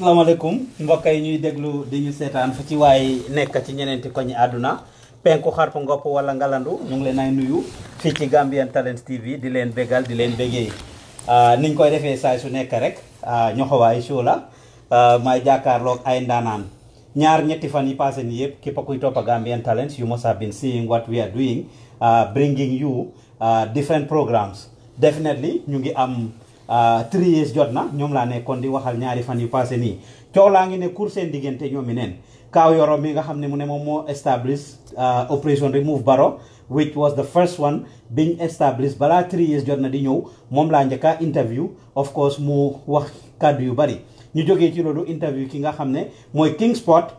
asalaamaaleykum mbokk yi ñuy déglu di ñu seetaan fu ci waay nekk ci ñeneenti koñi àdduna penku xarpu ngopp wala ngalandu ñu ngi leen ay nuyu fii ci Gambian Talents TV di leen bégal di leen béggee ah, niñ koy defee saay su nekk rek ah, ñoxowaay show la ah, may jàkkaarloog ay ndaanaan ñaar ñetti fan yi passé ni yëpp ki kuy toppa Gambian Talents you yu have been seeing what we are doing bringing you different programs definitely ñu ngi am Euh, tries jot na ñoom laa nekkoon di waxal ñaari fan yu passé nii coow laa ngi ne cour seen diggante ñoomi neen Kaaw Yoro mi nga xam ne mu ne moom moo establish euh, operation remove Barrow which was the first one being established balaa three years jot na di ñëw moom laa njëkka interview of course mu wax kàddu yu bari ñu jógee ci loolu interview ki nga xam ne mooy Kingsport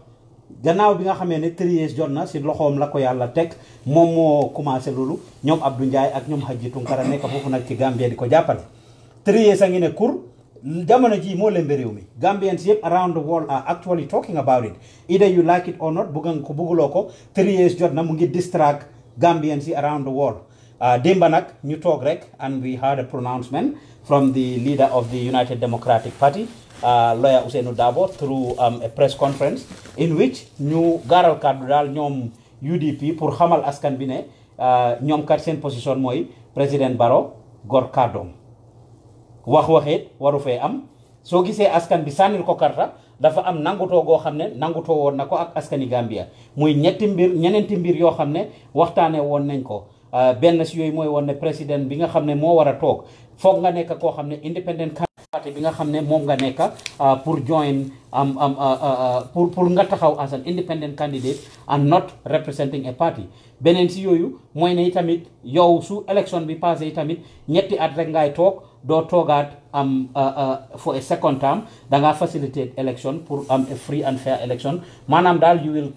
gannaaw bi nga xamee ne three years jot na si loxoom la ko yàlla teg moom moo commencé loolu ñoom Abdou Ndiaye ak ñoom Hadji Tunkara nekk foofu nag ci Gambie di ko jàppale trier sangine cour jamono ji mo le réew Gambians yep around the world are actually talking about it either you like it or not bugan ko bugguloo ko three years jot na mu ngi distract Gambians around the world ah, demba nak ñu tok rek and we had a pronouncement from the leader of the United Democratic Party ah, lawyer usenu dabo through um, a press conference in which ñu garal kàddu dal ñom UDP pour xamal askan bi ne ah, ñom kat sen position moy president baro gor kadom wax waxeet waru fee am soo gisee askan bi sànnil ko karta dafa am nangutoo goo xam ne nangutoo woon na ko ak askani Gambia muy ñetti mbir ñeneenti mbir yoo xam ne waxtaanee woon nañ ko euh, benn si yooyu mooy woon ne président bi nga xam ne moo war a toog foog nga nekk koo xam ne independent parti bi nga xam ne moom nga nekk euh, pour join am am euh, euh, pour pour nga taxaw as an independent candidate and not representing a party beneen si yooyu mooy ne tamit yow su élection bi passé yi tamit ñetti at rek ngay toog doo toogaat am for a second term da ngaa facilitate election pour am a free and fair election maanaam daal you will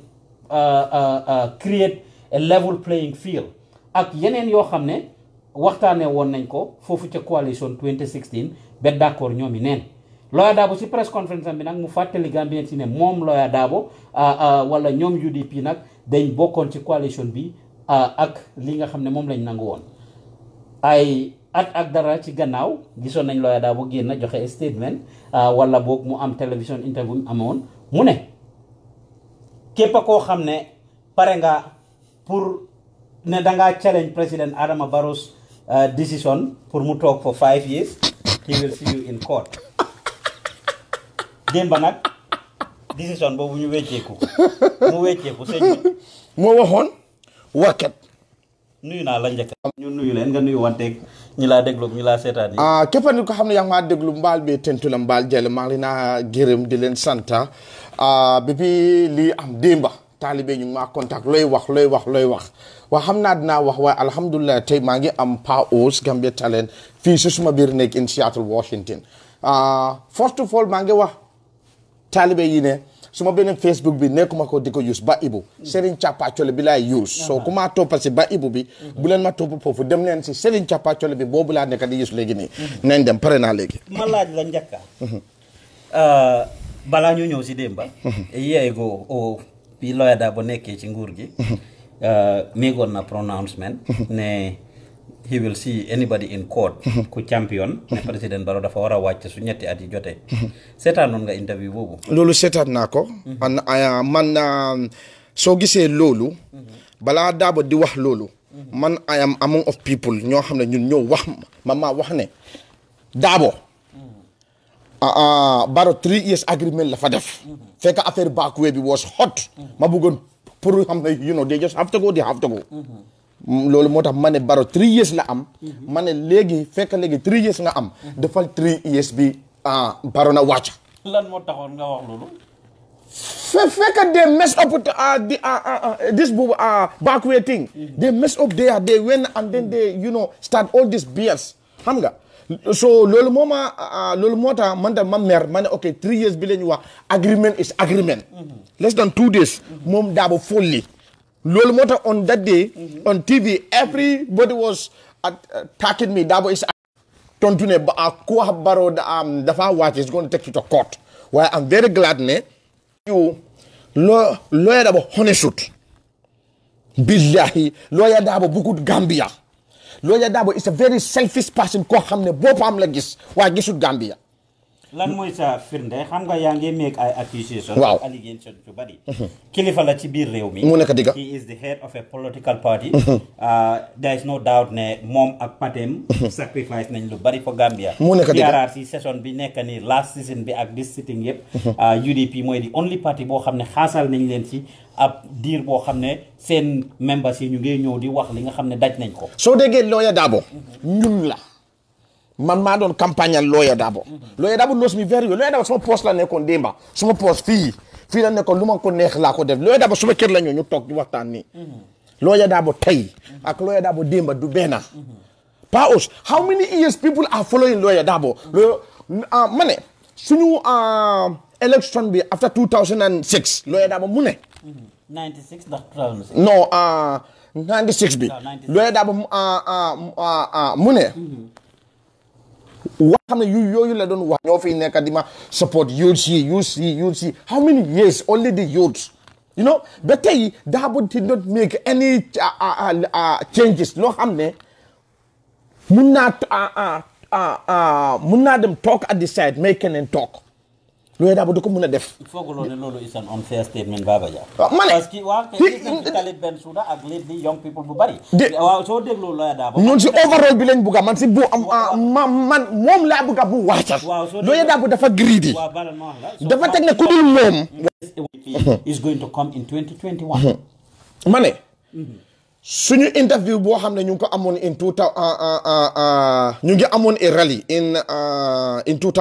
create a level playing field ak yeneen yoo xam ne waxtaanee woon nañ ko foofu ca coalition bet d'accord ñoomi neen Lawyer Darboe si press conference am bi nag mu fàttali Gambien si ne moom Lawyer Darboe wala ñoom UDP nag dañ bokkoon ci coalition bi ak li nga xam ne moom lañ nangu woon ay at ak dara ci gannaaw gisoon nañ Lawyer Darboe génn joxe statement wala boog mu am télévision interview amoon mu ne képp koo xam ne pare nga pour ne dangaa challenge président Adama Barrow's decision pour mu toog for five years he will see nag décision boobu ñu wecceeku wecceeku sëñ moo waxoon wakkat nuyu naa la njëkk ñu nuyu leen nga nuyu wanteeg ñi laa déglu ñi laa seetaan yi ah, ko xam ne yaa ngi maa déglu mbaal bi tentu la mbaal jale maa ngi naa gërëm di leen santa ah. ah, bi bi lii am démba taalibe ñu ngi maa contact looy wax looy wax looy wax waa xam naa dina wax waaye alhamdulilah tey maa ngi am PAOS Gambia Talent fii si suma biir nekk in Seattle Washington ah, first of all maa ngi wax taalibe yi ne suma beneen Facebook bi nekkuma ko di ko use ba ibu Serigne Capacole bi laay use soo ku maa toppa si ba ibu bi bu leen ma topp foofu dem leen si Serigne Capacole bi boobu laa nekk di use léegi nii nañ dem pare naa léegi ma laaj la njëkka mhm. ah, balaa ñu ñëw si démba mhm. yeego oh, ci nguur gi mhm. Uh, migonna pronouncement ne he will see anybody in court ku champion ne president baro dafa wara wàcc su ñetti at yi jotee non nga interview lolu loolu nako mhm. man ko uh, man man um, soo gisee loolu mhm. balaa di wax Lulu, mhm. man I am among of people ño xamné ñun ño wax ma maa wax ah, ah baro 3 years agreement la fa def fekk affaire bakwe bi was hot ma bëggoon pour xam ne you know they just have to go they have go loolu moo tax ma ne baro three years la am ma ne léegi fekk léegi three years nga am defal three years bi ah, baro na wàcc lan moo taxoon nga wax loolu fe fekk they mess up ah, the ah, this backway thing they mess up there they went and then they you know start all this BS xam nga so loolu moo ma ah, ah, loolu moo tax man tam ma mer ma ne ok three years bi la ñu wax agreement is agreement mm-hmm. less than two days mm-hmm. moom daaba fully loolu moo tax on that day mm-hmm. on TV everybody was uh, attacking me daaba is tontu ne ba ah, ku wax Barrow dafa wàcc is going to take you to court waaye I'm very glad ne you lawyer daaba honest billahi lawyer daaba bugut Gambia Lawyer Darboe is a very selfish person koo xam ne boppam la gis waaye gisul Gambia lan mooy sa firnde xam nga yaa ngi meeg ay accusation waaw allegation yu bari kilifa la ci biir réew mi mu nekk digga he is the head of a political party uh, there is no doubt ne moom ak patem sacrifice nañ lu bari for Gambia mu nekk digga PRRC bi nekk nii last season bi ak this sitting yëpp UDP uh, mooy di only party boo xam ne xaasal nañ leen ci ab diir boo xam ne seen members yi ñu ngi ñëw di wax li nga xam ne daj nañ ko soo déggee looya daabo mm-hmm. ñun la man maa doon campagne al Lawyer Darboe. Mhm. Lawyer Darboe loos mi very Lawyer Darboe sama poste la nekkoon démba sama poste fii fii la nekkoon lu ma ko neex laa ko def Lawyer Darboe suma kër la ñëw ñu toog di waxtaan nii. Mhm. Lawyer Darboe tey mhm. ak Lawyer Darboe démba du benn. Paos how many years people are following Lawyer Darboe. loo ah, ma ne suñu ah, election bi after 2006 Lawyer Darboe mu ne. 96 ndax ah, mu ne. wax am ne yu yooyu la doon wax ñoo fi nekk di ma support youths yi youths yi youths yi how many years only the youths you know ba tey Darboe did not make any changes loo xam ne mun naa mun naa dem talk at the side make keneen talk loolu daal du ko mën a def. fooguloo ne loolu is an unfair statement ah, ma ne parce que waaw kay gis bu bari. waaw soo dégloo looya daa ba. ñun si overall bi lañ bugg a man si bu ma man moom laa bugg a bu waacal. waaw soo looya daa dafa greedy. wax la. dafa teg ne ku dul moom. is going to come in mhm. ma ne. Mhm. suñu interview boo xam ne ñu ngi ko amoon in two ah, ah, ñu ngi amoon a rally in in two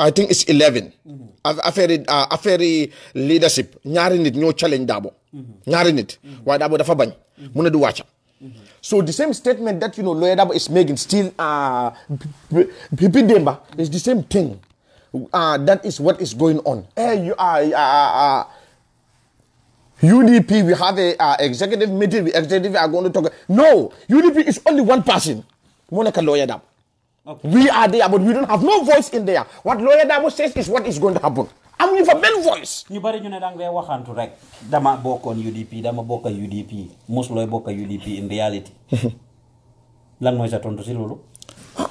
I think it's 11. affaire uh, affaire leadership ñaari nit ñoo challenge Dabo. ñaari nit waaye Dabo dafa bañ. mu ne du wàcca. So the same statement that you know Lawyer Dabo is making still uh, Pipi Demba is the same thing. Uh, that is what is going on. Hey, you are. Uh, uh, UDP, uh, we have a uh, executive meeting. We executive are going to talk. No, UDP is only one person. Monica Lawyer Dabo. Okay. We are there, but we don't have no voice in there. What lawyer Dabo says is what is going to happen. amuñu fa benn voice. ñu bari ñu ne danga ngay waxantu rek. dama bokkoon UDP dama bokk UDP mosulooy bokk UDP in reality. lan mooy sa tontu si loolu.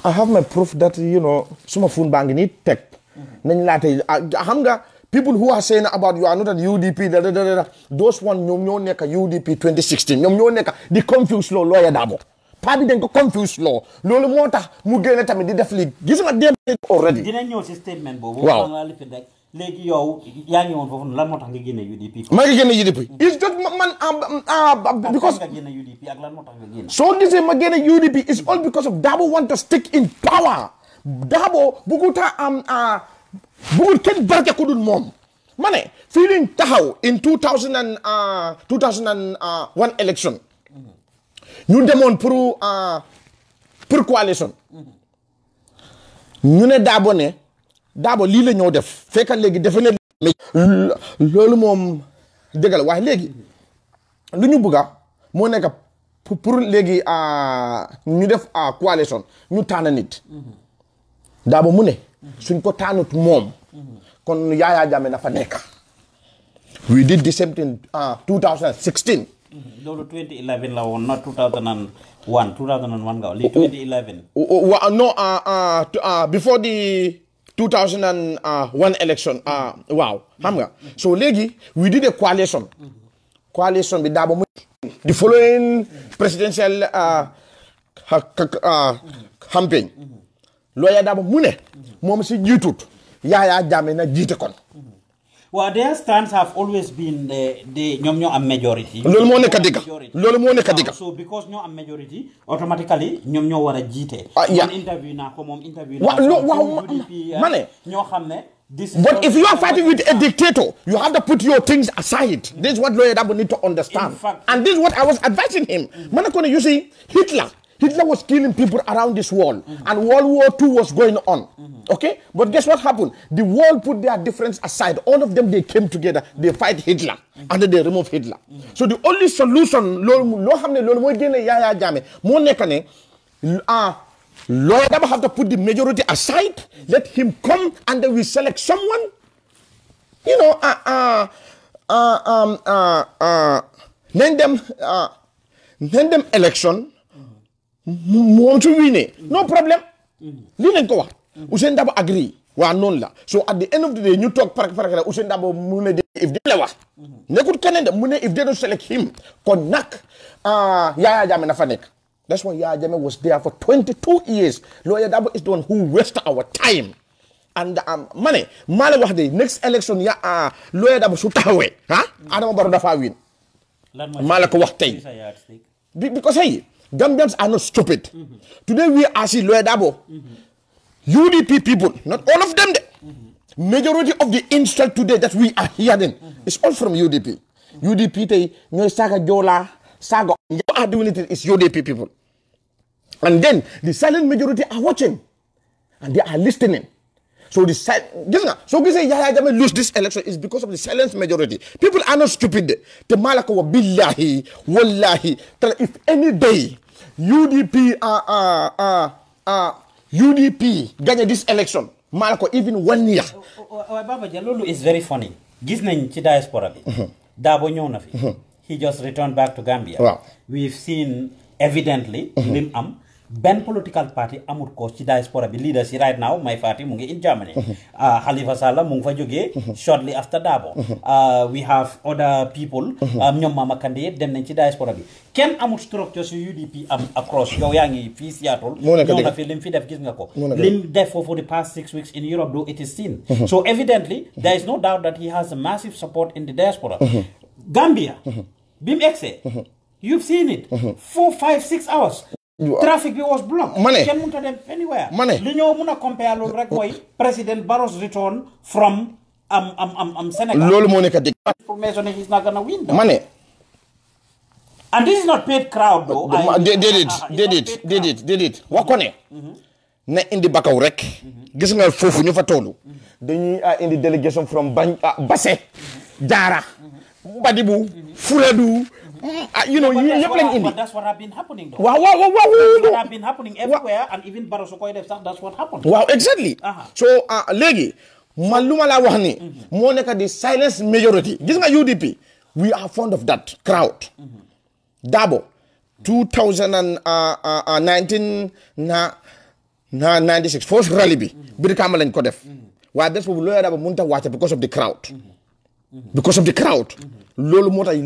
I have my proof that you know suma fun baa ngi nii teg. Mhm. nañ laa tey ah, xam nga people who are saying you are not at UDP da da da those one ñoom nekk UDP 2016 ñoom ñoo nekk di confuse loo lawyer Dabo. paa bi dañ ko confuse loo loolu moo tax mu génne tamit di def lii gis nga démb already dina ñëw si statement boobu waaw léegi yow yaa ngi woon foofu lan moo tax nga génne UDP maa ngi génne UDP it's just man ah, ah, ah because nga génne UDP ak lan moo tax nga génne soo gisee ma génne UDP it's all because of Dabo want to stick in power Dabo buguta am um, ah, kenn barke ku dul moom ma ne fii liñ taxaw in 2000 and ah, one election ñu demoon pour euh, pour coalition ñu ne daabo ne daabo lii la ñëw def fekk léegi dafa ne moom dëgg la léegi lu ñu bëgga moo nekka pour léegi euh, ñu def euh, coalition ñu tànn nit daabo mu ne suñ ko tànnut moom kon Yaya Jammeh na fa nekk we did the same thing 2016 Mm-hmm. loolu 2011 la woon not 2001 2001 nga li 2011. wa non uh, uh, uh, election waaw xam nga so léegi we did a coalition. Mm-hmm. coalition bi Dabo mu. the following presidential mm-hmm. campaign. lawyer Dabo mu ne. moom si jiitut. Yahya Jammeh jiite kon. waaw their stance have always been the ñoo am majority. loolu moo nekk digga loolu moo nekk digga. so ñoo am a jiite. ah yaa moom interview. waaw ah, ñoo xam ne. But if you are fighting with a dictator, you have to put your things aside. This is what lawyer Dabo need to understand. And this is what I was advising him. Mm. Manakone, you see, Hitler Hitler was killing people around this world, mm -hmm. and World War II was going on. Mm -hmm. Okay, but guess what happened? The world put their difference aside. All of them they came together. They fight Hitler, mm -hmm. and then they remove Hitler. So the only solution, lo hamne lo ya ah. Lord, I have to put the majority aside. Let him come, and then we select someone. You know, uh, uh, uh, um, uh, uh, name them, uh, name them election. moom su wiinee no problème lii lañ ko wax Ousainou Darboe agree waa noonu la so at the end of the day ñu toog park park la Ousainou Darboe mu ne de if la de mu ne if they don't select him kon nag ah, Yaya Jammeh na fa nekk that's why Yaya Jammeh was there for 22 years Lawyer Darboe is the one who waste our time and um, ma ne la wax de next election ya ah, Lawyer Darboe su taxawee ah Adama Barrow dafa win maa la ko wax tey because hey Gambians are not stupid. Mm -hmm. Today we are see Loedabo. Mm -hmm. UDP people, not all of them. Mm -hmm. Majority of the insult today that we are hearing is from UDP. UDP they no saga jola saga are doing is UDP people. And then the silent majority are watching and they are listening. So the gis nga soo gisee Yahya Jammeh lose this election is because of the majority people are not stupid te maa la ko wax billahi wallahi te if any day UDP ah uh, uh, uh, this election maa ko even one year. waaw oh, oh, oh, Baba Jah loolu is very funny gis nañ ci diaspora bi. Mhm. Dabo mhm. he just returned back to Gambia. waaw we've seen evidently. Mhm. lim am. benn political party amul ko ci diaspora bi leaders yi right now my party mu ngi in Germany ah, Halifa Sallah mu ngi fa jógee shortly after Dabo ah, we have other people ah, ñoom Mama Kandeh yëpp dem nañ ci diaspora bi kenn amul structure su UDP across yow yaa ngi fii Seattle ñëw na fi fi def gis nga ko lim def for the past six weeks in Europe though it is seen so evidently there is no doubt that he has a massive support in the diaspora Gambia bi mu trafic bi was ma li ñoo mën a compare loolu rek mooy. président am am am am Sénégal. moo nekk dëgg. information is not gonna win. ma ne. and this is not paid crowd déedéet déedéet déedéet déedéet ko ne. Mm-hmm. na indi bakaw rek. Mm-hmm. gis nga foofu ñu fa toolu. Mm-hmm. dañuy ah, indi délégation from bañ ah, Basse. Jaara. Badibu. Fuladu. Mm, ah, you know playing lañ But that's what have been happening though wow, wow, wow, that's what have been happening everywhere and even baro su that's what happened Wow, exactly Uh-huh. So, uh, Legi, maluma la wahani, mm-hmm. moo the silence majority is my UDP we are fond of that crowd mm-hmm. Dabo 2019 uh, uh, uh, na na 96 first rally bi mm-hmm. bir kama lañ ko def wa bés bobu lo Dabo mënut munta wàcce because of the crowd because of the crowd loolu moo tax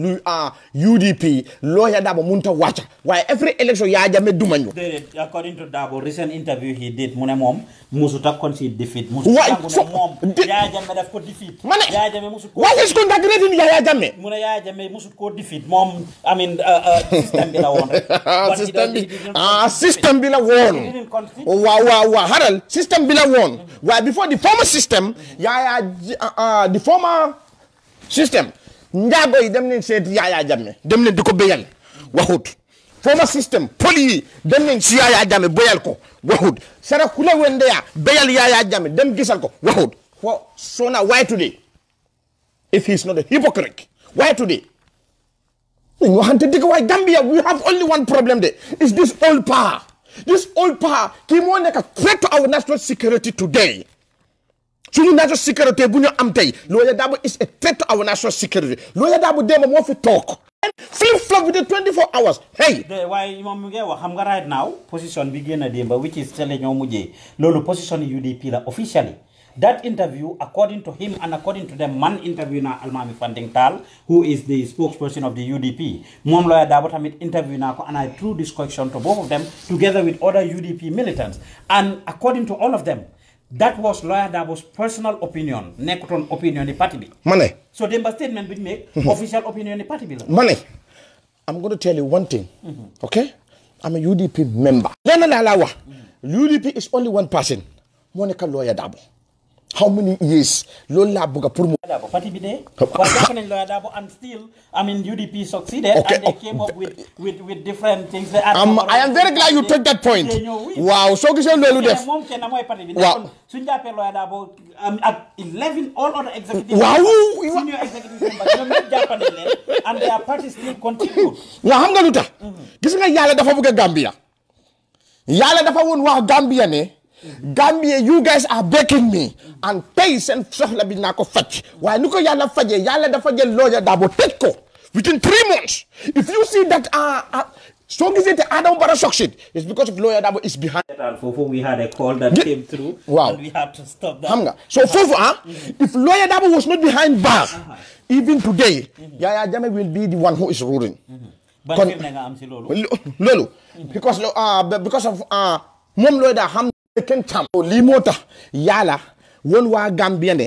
lu a wàcc waaye every election Yahya Jammeh duma ñu. déedéet according to Darboe recent interview a concede defeat. waay so de Yahya Jammeh daf ko defeat. ma ne Yahya Jammeh musut ko. why is congratulating Yahya Jammeh. mu ne Yahya Jammeh musut ko defeat moom I uh, uh, bi la woon rek. Ah, système bi ah système bi la woon. waaw waaw waaye before the former system. Yahya ah, ah, the former system. njaago yi dem nañ seet Yaya Jammeh dem nañ di ko béyal waxut former system poli yi dem nañ si Yaya Jammeh ko waxut Sarakunda Wendeya béyal Yaya Jammeh dem gisal ko waxut fo Sona why today if he not a hypocrite why today dañ waxante dëgg waaye Gambia we have only one problem de is this oil power this oil power kii moo nekk to our national security today suñu national security, bu ñu Lawyer Dabo is a threat to our national security Lawyer Darboe démb moo fi talk. flip flop within 24 hours hey. why waaye moom mi ngay right now position begin a démba which is telling you, mujjee loolu position UDP la officially that interview according to him and according to the man interview na Almami Fanding Tal who is the spokesperson of the UDP moom Lawyer Darboe tamit interview naa and I threw this question to both of them together with other UDP militants and according to all of them that was lawyer that was personal opinion nekkutoon opinion yi parti bi. ma ne. so démba statement bi ñu make. Mhm. official opinion yi parti bi la. ma ne. I'm going to tell you one thing. Mhm. okay I'm a UDP member. lenn laa laa wax. Mhm. UDP is only one person. moo nekk lawyer Darboe. how many years loolu laa bëgg pour mu. Dabo parti bi dee. waaye jàpp nañu Lawyer Dabo I mean UDP succeeded. okay and they came up am very glad you took that point. waaw soo gisee loolu def. moom kenn mooy parti bi. waaw suñu jàppee Lawyer Dabo ak 11 all other executive. waaw senior executive members ñoom ñëpp dafa bëgg a Gambia. yàlla dafa woon wax Gambia ne. Gambia you guys are breaking me and tey seen soxla bi naa ko faj waaye ni ko yàlla fajee yàlla dafa jël looja within three months if you see that uh, uh, soo gisee te Adama Barrow succeed it's because of lawyer Dabo It's behind. whom we had a call that came through. Wow, and we had to stop that. so foofu ah. if lawyer Dabo was not behind bar. Uh-huh. even today. Mm-hmm. Yaya Jammeh will be the one who is ruling. Mm-hmm. kon loolu. because uh, because of moom lawyer daa E kenn càmm lii moo tax yàlla woon waa Gambien ne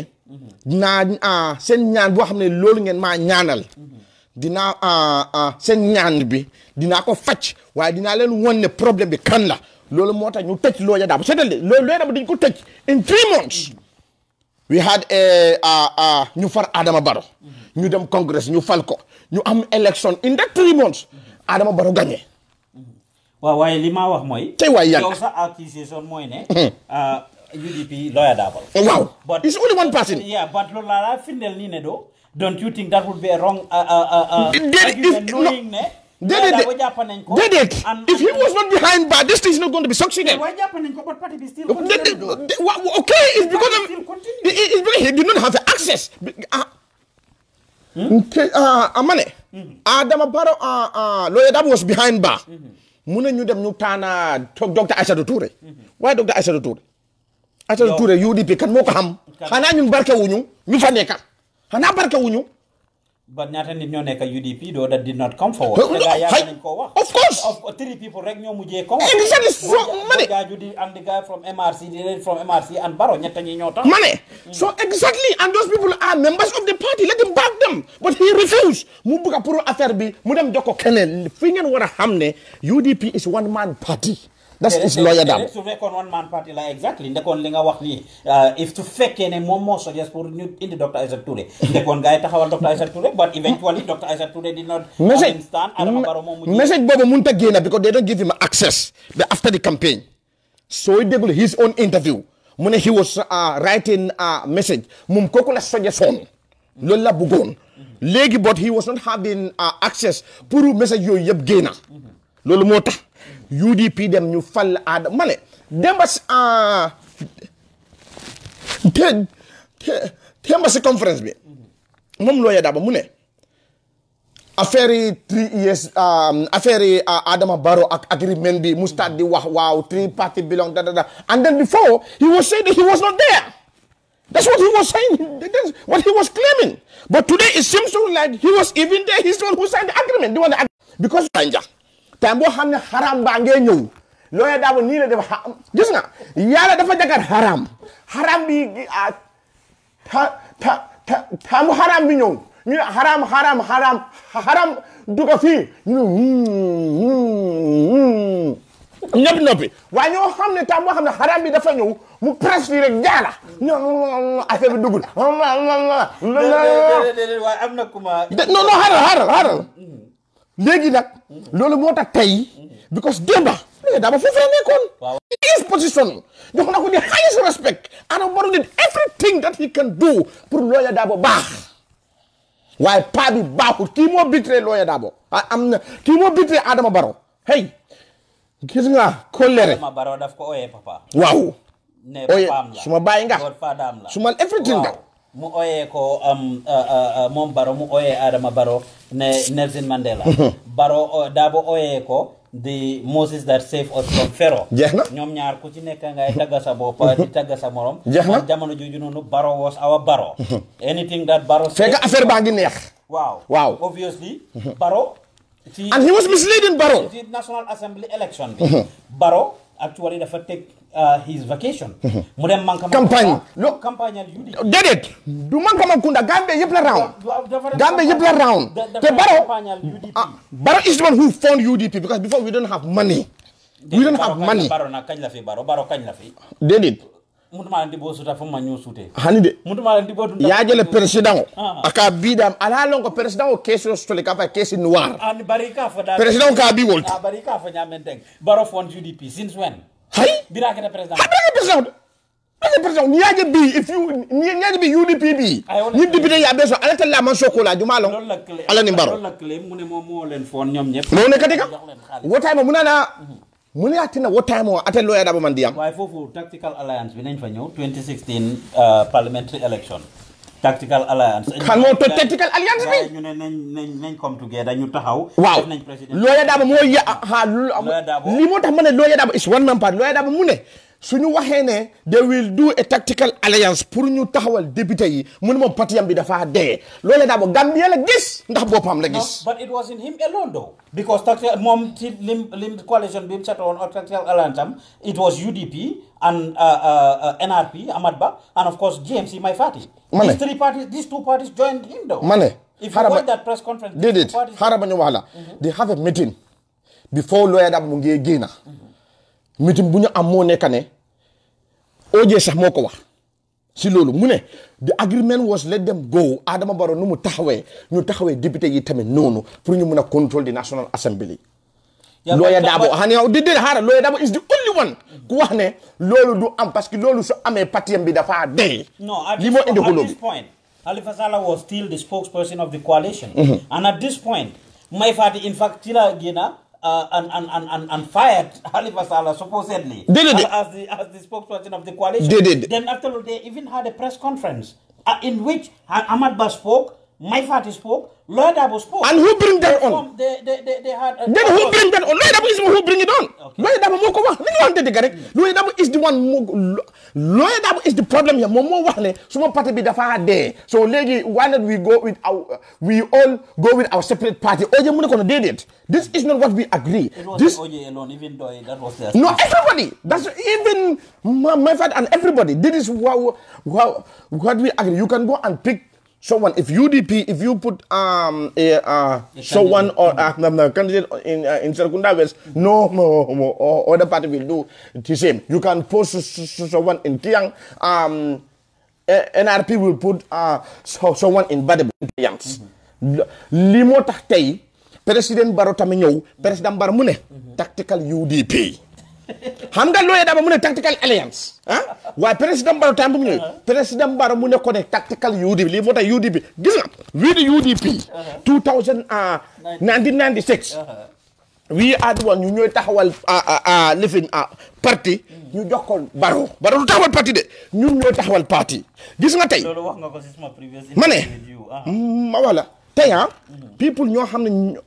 dinaa seen ñaan boo xam ne loolu ngeen maa ñaanal dinaa seen ñaan bi dinaa ko facc waaye dinaa leen won ne problème bi kan la loolu moo tax ñu tëj looya daab seetal loolu looya daab dañ ko tëj in three months eh, ñu far Adama Barrow ñu dem congress ñu fal ko ñu am élection in that three months Adama Barrow gagné waaw waaye li ma wax mooy. tey waay yàgg yow sa accusation mooy ne. Hmm. Ah, UDP lawyer Darboe. Oh, waaw but it's only one person. yeah but loolu laa la ne doo. don't you think that would a wrong. Uh, uh, uh, argument knowing ne. déedéet déedéet if he was not behind bar this thing is jàpp ko but party bi still okay it's because of it's because he did not have access. Ah. Hmm? Ah, Amane. Hmm. Adama Barrow lawyer behind bar. mun ñu dem ñu taana docteur Aïssatou Touré waaye docteur Aïssatou Touré Aïssatou Touré UDP kan moo ko xam xanaa ñun barke wuñu ñu fa nekka xanaa barke wuñu ba ñaata nit ñoo nekk UDP ko wax. exactly hmm. so ma exactly and those people are members of the party let him back them but he refused mu bugg a pour bi mu dem jox ko keneen fi ngeen war a xam ne UDP is one man party. that's his lawyerdom su fekkoon one man party la exactly ndekkoon li nga wax uh, if to fake any more moo suggest pour ñu Doctor Isaac Ture. Touré ndekkoon gars yi taxawal Doctor Isaac Ture. but eventually Doctor Isaac Ture did not understand. message boobu mënut a because they don't give him access ba after the campaign so he did his own interview When he was uh, writing a message moom kooku la suggest woon loolu Legi, mm-hmm. but he was not having uh, access Puru message yooyu yëpp génn mm-hmm. loolu moo tax UDP dem ñu fal aada ma ne demba si ah, te demba si bi moom looya daaba mu ne affaire yi three years um, affaire yi ah, Adama Barrow ak agreement bi mu start di wax waaw three party belong da da da and then before he was saying that he was not there That's what he was claiming. But today it seems so like he was even there. He's the who signed the agreement. The one that, because temps boo xam ne xaraam baa ngee ñëw loolee daa nii la def gis nga yàlla dafa jagar xaraam xaraam bi ah ta bi ñëw ñu ne xaraam xaraam xaraam xaraam du ko fii ñu ne ñëpp noppi xam ne temps bi dafa ñëw mu presse fii jaala ñu bi dugg na. déedéet déedéet waaye am léegi nag loolu moo tax tey because démba léegi daa ma foofee nekkoon his position jox na ko di highest respect Adama Barrow did everything that he can do pour Lawyer Darboe baax waaye paa bi baaxul kii moo bitree Lawyer Darboe ah, am na kii moo bitree Adama Barrow hey gis nga kolere Adama Barrow daf ko ooyee papa waaw ooye suma baay nga suma everything nga mu ooyee ko um, uh, uh, uh, moom Barrow mu ooyee Adama baro ne Nelson Mandela. Mhm. Barrow Dabo ooyee ko. the Moses that saved us from Pharaoh. jeex na ñoom ñaar ku ci nekk ngay tagga sa bopp di tagga sa morom. jeex na jamono jooju noonu Barrow was our Barrow. Mhm. anything that Barrow. fekk affaire baa ngi neex. waaw waaw obviously. Mhm. Barrow. ci and he was misleading Barrow. ci National Assembly election bi. Barrow actually dafa teg. uh, his vacation mhm. mudem manka campagne no campagne yudi dedet du manka makunda gambe yep la round gambe yep la round te baro ah, baro is the one who found udp because before we don't have money we don't have money baro na kany la fi baro baro kany la fi dedet mutuma ndi bo suta fuma nyu sute hani de mutuma ndi bo tunda yaje le president ah. aka bidam ala longo president o keso stole kapa kesi noir an barika fa da president ka bi wolt ah, barika fa nyamen deng baro fond udp since when Hey? Birakete president. Birakete president. Birakete president. Niaje bi if bi UDP bi. Ni député ya beso ala tella man soko la juma long. Ala ni mbaro. Loolu ne moom moo leen foon ñoom ñëpp. Moo nekk dëgg. Wotaay ma mu naa naa mu ne atina wotaay ma ate lawyer Daba Mandiang. Waaye foofu bi nañ fa ñëw 2016 euh, parliamentary election. tactical alliance. xam nga toj tactical alliance bi. ñu ne nañ moo ya ah, li moo tax ma ne looya daaba is one man part looya daaba mu ne. suñu waxee ne they will do a tactical alliance pour ñu taxawal député yi mu ne moom patiyam bi dafa dee loolee daa bo Gambia la gis ndax boppam la gis. but it was in him alone though. moom ci lim lim coalition bi mu set woon tactical alliance am it was UDP and uh, uh, uh, NRP Ahmad ba and of course GMC my party. ma ne these three parties ma ne. if you watch that press conference. déedéet xaaral ma ñu wax mm-hmm. they have a meeting before lawyer Dabo mu ngi génn. Mm-hmm. meeting bu ñu am moo nekk ne OJ sax moo ko wax si loolu mu ne the agreement was let them go Adama Barrow nu mu taxawee ñu taxawee député yi tamit noonu pour ñu mun a contrôle the National Assembly. looya daabo xane yow di déedéet xaaral looya daabo is the only one ku wax ne loolu du am parce que loolu su amee patiem bi dafa dee. li moo indi xuloo bi Halifa uh, and, and, and, and, and fired Halifa Saleh supposedly did it, as, the, as the spokesperson of the coalition. Did it. Then after they even had a press conference uh, in which Ahmad Ba spoke Maifat is spoke, Loyadabo spoke. And who bring that they is who bring it on. wa. Ni wante de garek. Loyadabo is the one mo Loyadabo is the problem here. Momo wa ne sumo party be dafa there. So legi why not we go with our uh, we all go with our separate party. Oje muna kono did it. This is not what we agree. It was this Oje alone even though that was even my, my and everybody. This is what we agree. You can go and pick one, if UDP if you put um a, uh, a someone candidate. or uh, candidate in uh, in Serkunda West, no more no, or other party will do the same. You can post someone in Tiang. Um, NRP will put uh, so, someone in Badab Tiang. Mm-hmm. Limo tay president Baro président Barmune mm-hmm. tactical UDP. xam nga looyee dama mu ne tactical alliance ah? waaye président Barrow temps mu ñëwee président Barrow mu ne ko ne tactical UDP lii moo tax UDP gis nga we the UDP 1996 we are ñu ñooy taxawal ah, ah, lifin parti mm. ñu jox ko Barrow Barrow du taxawal parti de ñun ñooy taxawal parti gis nga tey loolu wax nga ko si ma ne ma wala tey ah mm-hmm. people ñoo xam ne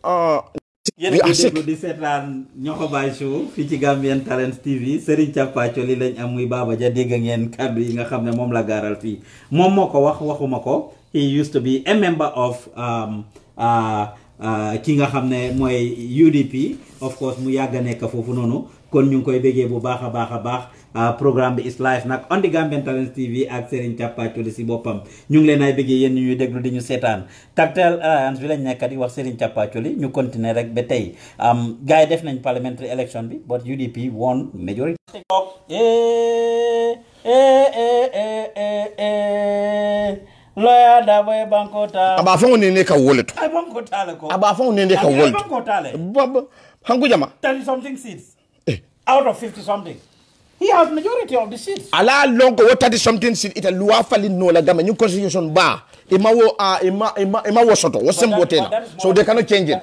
yéen a ngi déglu di seetaan Niokhobaay Show fii ci Gambian Talents TV Serigne Thiapathio li lañ am muy baaba Jah dégg ngeen kàddu yi nga xam ne moom la gaaral fii moom moo ko wax waxuma ko he used to be a member of um, uh, uh, ki nga xam ne mooy UDP of course mu yàgg a nekk foofu noonu kon ñu ngi koy bégee bu baax a baax a baax. Ah, programme bi is live nag on the Gambian Talents TV ak Serigne Thiapathioly si boppam ñu ngi leen ay bëggee yéen ñu ñuy déglu di ñu seetaan Tactile Alliance bi lañ nekk di wax Serigne Thiapathioly ñu continuer rek ba tey gars yi def nañ parliamentary election bi but UDP won majority lawyer da boy banko ta aba fa ngone ne ka wolet fa ngone ne ka wolet banko ta le bob hangu jama 30 He has majority of the seats. Ala longo wo tati something seat ita luafa li no la gama new constitution ba ima wo uh, ima ima ima wo soto wo sem wotena. So they cannot change it.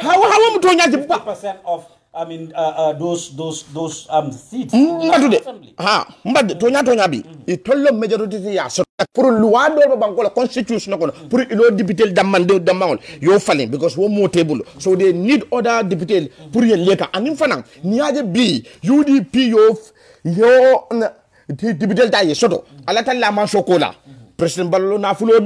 How how am to nyaji ba? percent of I mean, uh, uh, those those those um seats. Mbadu de, ha, mbadu tonya tonya bi. Mm. Itolo majority ya so. Pour loi do ba banko la constitution ko mm. pour ilo deputy damande damawol mm. yo falling because wo mo table so they need other deputy. pour yeleka anim fanan niaje bi UDP yo yo dibidel ta ye soto ala la man soko la president baro na fulo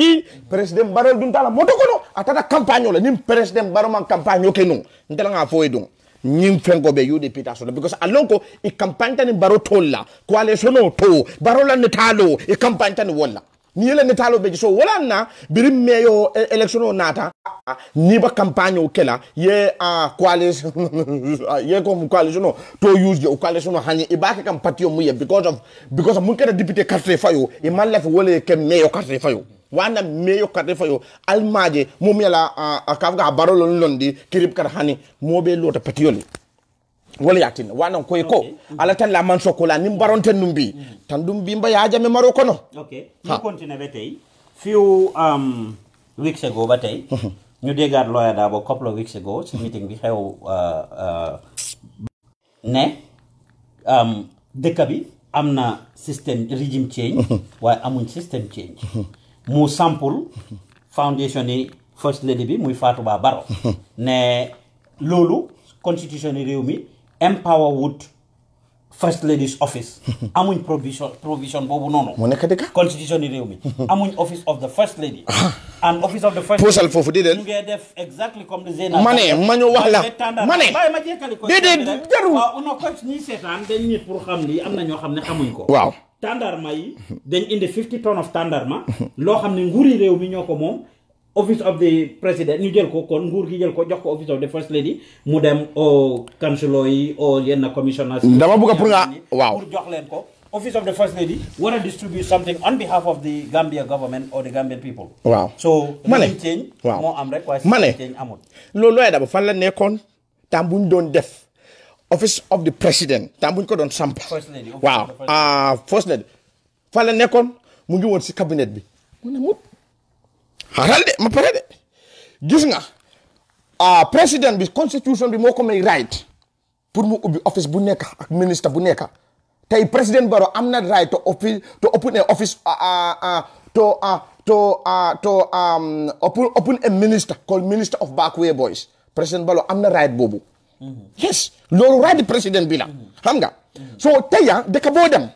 president baro dun tala moto kono atata campagne la nim president baro man campagne ke no ndala nga fo edon ñin fengo be yude pita because alon ko i campagne tan baro tolla ko ale sono to baro la ne talo i campagne tan wala ni yele ne talo beji so na biri meyo e, election nata ni ba campagne o kela ye a coalition ye ko coalition to use ye coalition hani e ba kam patio mu ye because of because of mun kada député carte fayo e malla fi wole ke meyo carte fayo wana meyo carte fayo almaje mum yala a kafga barolo londi kirib kar hani mobe lota patio wala yatin wanan koy ko okay. Mhm. ala tan la man sokola nim baronten dum bi mm. tan dum bi mba yaja me maro kono ok ñu continuer ba tey few um, ba mhm. ñu déggaat couple of weeks ago si meeting bi xew uh, uh, ne um, dëkk bi am na système regime change mhm. waaye amuñ système change mu sample foundation yi first lady bi muy Fatou Ba Barrow ne loolu constitution yi réew mi empower would first lady's office amuñ provision provision boobu noonu. mu nekk dëkk constitution yi réew mi. amuñ office of the first lady. Ah. and foofu di leen. ñu def exactly ma ne wax la ma ne. bàyyi ko déedéet jarul. waaw non ko ñuy seetaan dañ nit pour xam nii am na ñoo xam ne xamuñ ko. waaw tàndarma yi dañ indi fifty tonnes of tàndarma. loo xam ne nguuri réew mi ñoo ko moom. office of the president ñu ko ko jox ko office of the first lady mu dem au councilor yi au yenn ko. office of the first lady ma ma ne change amul. loolu fan la nekkoon tam bu doon def office of the president tam bu doon samp. first lady waaw ah first lady fan la nekkoon mu ngi woon si cabinet bi xaaral de ma pare de gis nga ah président bi constitution bi moo ko may right pour mu ubbi office bu nekk ak ministre bu nekk tey président Barrow am na right to office to open a office ah, ah, ah, to to to um, open a minister called minister of backway boys président Barrow am na right boobu. yes loolu right di président bi la. xam nga so tey dëkk boo dem.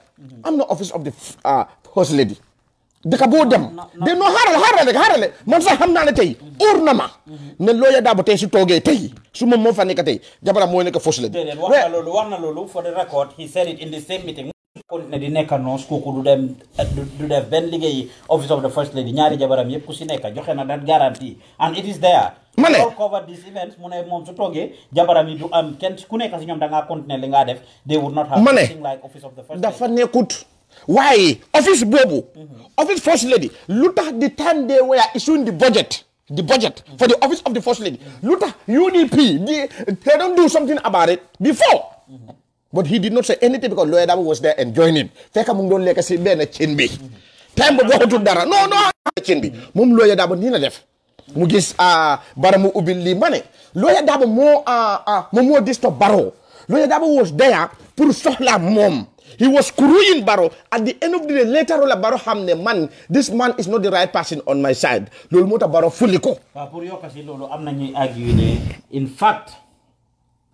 am na office of the host lady. dëkk boo dem de non xaaral xaaral rek man sax xam naa ne tey óor na ma mhm. ne looya bu tey su toogee tey su moom moo fa nekk tey jabaram mooy nekk fos la di wax wax na loolu for the record he said it in di nekk noonu kooku du dem du def benn liggéey office of the first lady ñaari jabaram yëpp ku si nekk joxe na dat garantie and it is there ma moom su toogee jabaram yi du am kenn ku nekk si ñoom da ngaa continué li ngaa def they would not have ma dafa nekkut waaye office boobu office first lady lu tax the time they were issuing the budget the budget for the office of the first lady lu tax UDP they don't do something about it before but he did not say anything because Lawyer Darboe was there and joining fekk mu ngi doon lekk si benn cin bi time boobu waxatul dara non non cin bi moom Lawyer Darboe nii na def mu gis ah, bara mu ubbi lii ma ne Lawyer Darboe moo ah, ah, moo moo disto baro Lawyer Darboe was there pour soxla moom He was screwing Barrow. At the end of the day, later on, Barrow hamne man, this man is not the right person on my side. Lol mota Barrow fully ko. Pour yo kasi lolo am nañuy argue ne in fact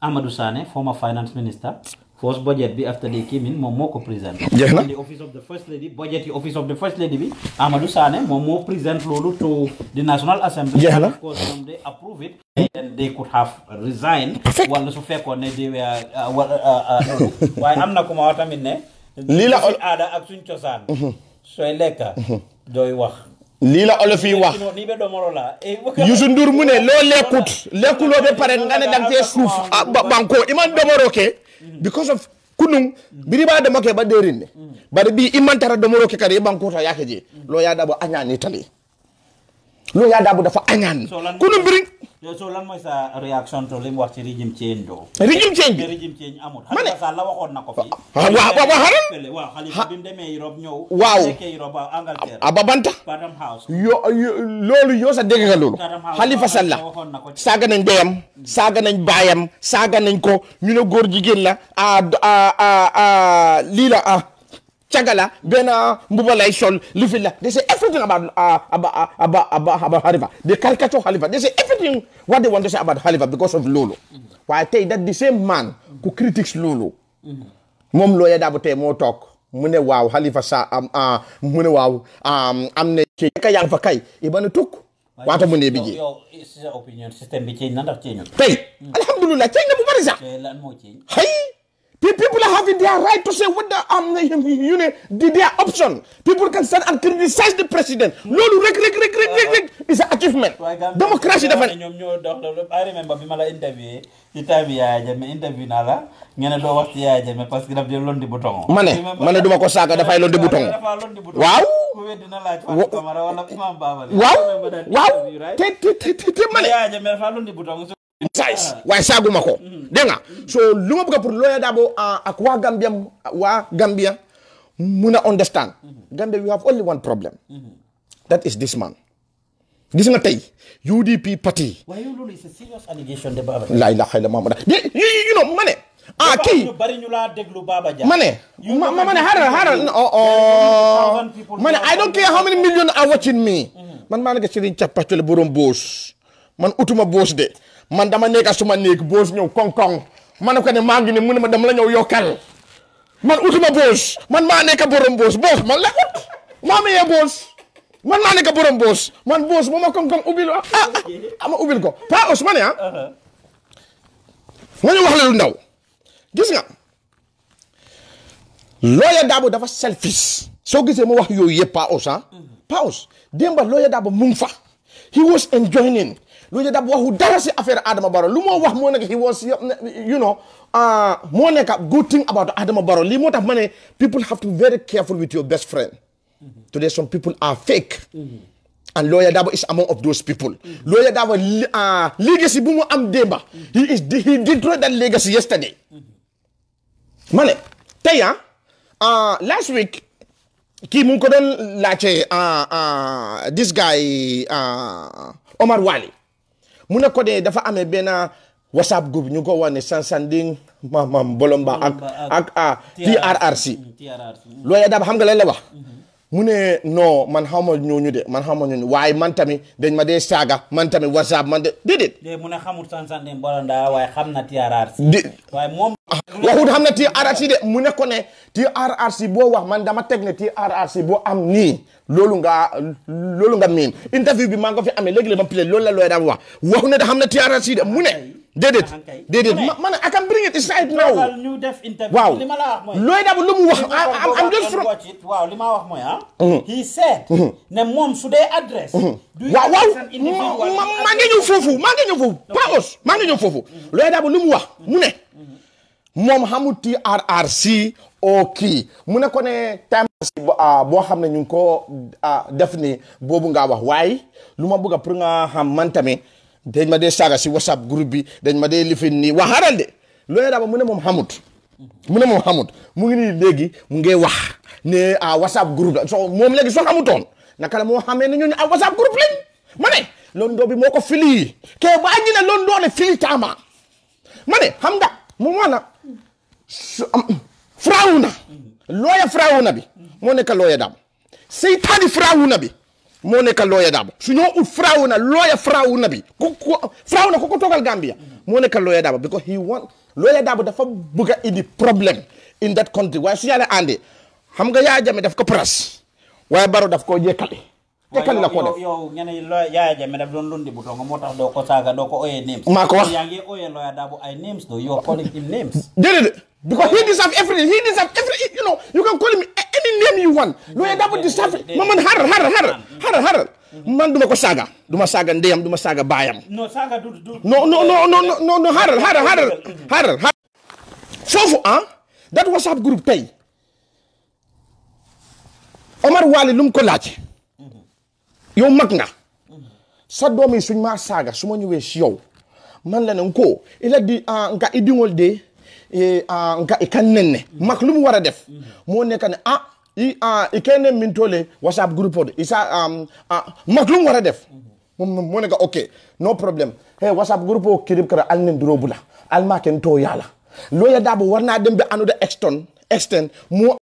Amadou Sane, former finance minister, because budget bi after they came in moom moo ko présent jeex na the office of the first lady budget office of the first lady bi Amadou Sané moom moo loolu to the National Assembly approve it they could have resigned wala su fekkoon ne they were uh, uh, uh, waaye am na ku ma wax tamit ne lii la suñ aada ak suñ cosaan mhm. sooy lekka mhm. dooy wax la olof yi wax eh, Youssou Ndour mu ne loo lekkut lekkuloo ba pare nga ne danga fee suuf ah, ba iman domoro ke because of kunnum biribade makko e baɗɗerin ne mbaɗa ɓi immantarat de moroke kadi e ɓankuta yaake je lo yaɗaɓo añani tali loolu yaa daabu dafa añaan. ku nu mbiri. soo lan mooy sa réaction to li mu wax ci régime change doo. régime change bi régime change amul. ma ne Sall la waxoon na ko fi. Ah, ah, waaw waaw xanaa. waaw xalifa bi mu demee Europe ñëw. waaw nekkee Europe Angleterre. ababanta. Chatham House. yo loolu yoo sa dégg nga loolu. xalifa Sall la saaga nañ doyam. saaga nañ baayam. saaga nañ ko ñu ne góor jigéen la. ah ah, ah la ah. cagala benn mbuba lay sol lu fi la de everything about uh, about, uh, about about about Halifa. They caricature Halifa. They say everything what they want to say about Halifa because of Lolo. Mm -hmm. I tell you that the same man who critiques Lolo, mom lawyer that would more talk. Mune wow Halifa sa uh, um uh mune wow um amne kaya yang fakai ibanu tuk. waata mu ne bi jii yow sa opinion système na bu bari sax The people are having their right to say what the, um, you know, their option. People can stand and criticize the president. No, rek, rek, rek, rek, rek, achievement. Democracy, definitely. I remember when I interviewed, the time I parce que daf dee londi bouton ma ne duma ko saaga dafay londi bouton waaw waaw te te te te size waisa guma ko denga so luma buka pour lawyer dabo uh, akwa gambia wa gambia muna understand gambia we have only one problem that is this man gis nga tay UDP party you lolu is a serious allegation de baba la ilaha illa mamada you know mané ah ki bari ñu laa déglu Baba ja mané mané haral haral oh oh ma I don't care how many million are watching me mm-hmm. man maa nekk Serigne le borom boss man utuma boss de man dama nekk suma néeg boos ñëw koŋ-koŋ ma ne ko ne maa ngi ne mu ne ma dama la ñëw yokkal man utuma boos man maa nekk borom boos boos man la ut maa mi boos man maa nekk borom boos man boos bu ma koŋ-koŋ ubbil ah, ah ah ma ubbil ko Pa Ousmane ah. wax la lu ndaw gis nga lawyer Darboe dafa selfish soo gisee mu wax yooyu yëpp Pa Ous ah Pa Ous démba lawyer Darboe mu fa he was enjoying lu ñu dab waxu dara si affaire Adama moo wax moo nekk he was you uh, lii moo tax ma ne people have to be very careful with your best friend today some Lawyer Dabo is among of those people Lawyer Dabo uh, legacy bu mu am démba he is he destroyed that legacy yesterday ma ne ah, uh, last week kii mu ngi ko doon laajte this guy Omar Wali mu ne ko de dafa amee benn whatsapp group ñu ko wane sansanding maam maam bolomba ak ak a ah, TRRC looya daaba xam nga lan la wax mhm. mu ne non man xaw ma ñooñu de man xaw ma ñooñu waaye man tamit dañ ma dee saaga man tamit whatsapp man de déedéet. de mu ne xamul Sansanten Balanda waaye xam na TRRC. di waaye moom. Ah, waxut xam na TRRC de mu ne ko ne TRRC boo wax man dama teg ne TRRC boo am nii loolu nga loolu nga miin interview bi maa ngi ko fi amee léegi ma play loolu la looy daan wax waxu ne da xam na TRRC de mu ne. déedéet déedéet man I can bring it inside now waaw looy dabu lu mu wax am just from waaw li ma wax mooy ah mm-hmm. he mm-hmm. su dee adresse mm-hmm. waaw waaw foofu maa paos maa ngi ñëw looy dabu lu mu wax mu ne moom xamul TRRC oo mu ne ko ne times ah, boo xam ne ñu ngi ko ah, def ni boobu nga wax waaye lu ma bëgg a pour nga xam man tamit dañ ma dee saaga si whatsapp groupe bi dañ ma dee lifin nii wax de looyee daal mu ne moom xamut mu ne moom xamut mu ngi nii léegi mu ngi wax ne à ah, whatsapp groupe la so moom léegi soo xamutoon naka la moo xamee ne ñooñu à ah, whatsapp groupe lañ ma ne londo bi moo ko fili ke baa ñu ne londo ne fili taama ma ne xam nga mu moo na firawuna looya firawuna bi moo nekk looya daam seytaani firawuna bi moo nekkal Lawyer Dabo su ñoo ut Firawuna Lawyer Firawuna bi ku ku Firawuna ku ko toogal Gambia moo nekkal Lawyer Dabo because he want Lawyer Dabo dafa bëgg indi problème in that country waaye su yàlla àndee xam nga Yaya Jammeh daf ko press waaye Barrow daf koo jekkale tekkali la ko def yow ngeen wax yaa ngi oyee because he deserve everything he deserve everything you know you can call him any name you want Lawyer Darboe deserve ma man xaral xaral xaral xaral man duma ko saaga duma saaga ndeyam duma saaga baayam non saaga du du non foofu ah that WhatsApp group tey Omar Wali lu ko laaj yow mag nga sa doom yi suñ ma saaga su ma ñëwee si yow man la ne ko il a dit ah, nga i diŋol de e, ah, nga kan nen ne mag lu mu war a def moo nekk ne ah i ah, i kene min tole whatsapp groupe o de isa mag lu war a def moo nekk ok no problème whatsapp groupe o kirib kara al nen duroo bula al maa ken too yàlla looya daa bu war naa dem bi anu de exton moo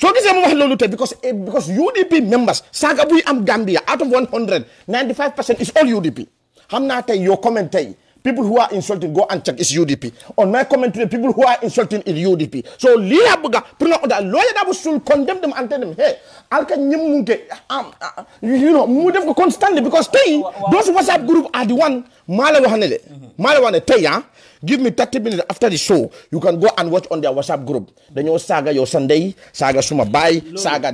soo gisee mu wax loolu te because eh, because UDP members saaga buy am Gambia out of 100 all UDP xam naa tey yoo comment tey people who are insulting go and check it's UDP on my commentary people who are insulting is UDP so lii laa bëgg a pour nga oda loolee daa condemn them and them hey alka ñëm mu mu def constantly because tey those WhatsApp group are the one maa la wax ne maa la wax ne tey ah give me 30 minutes after the show you can go and watch on their WhatsApp group dañoo saaga yow sa ndey saaga suma baay saaga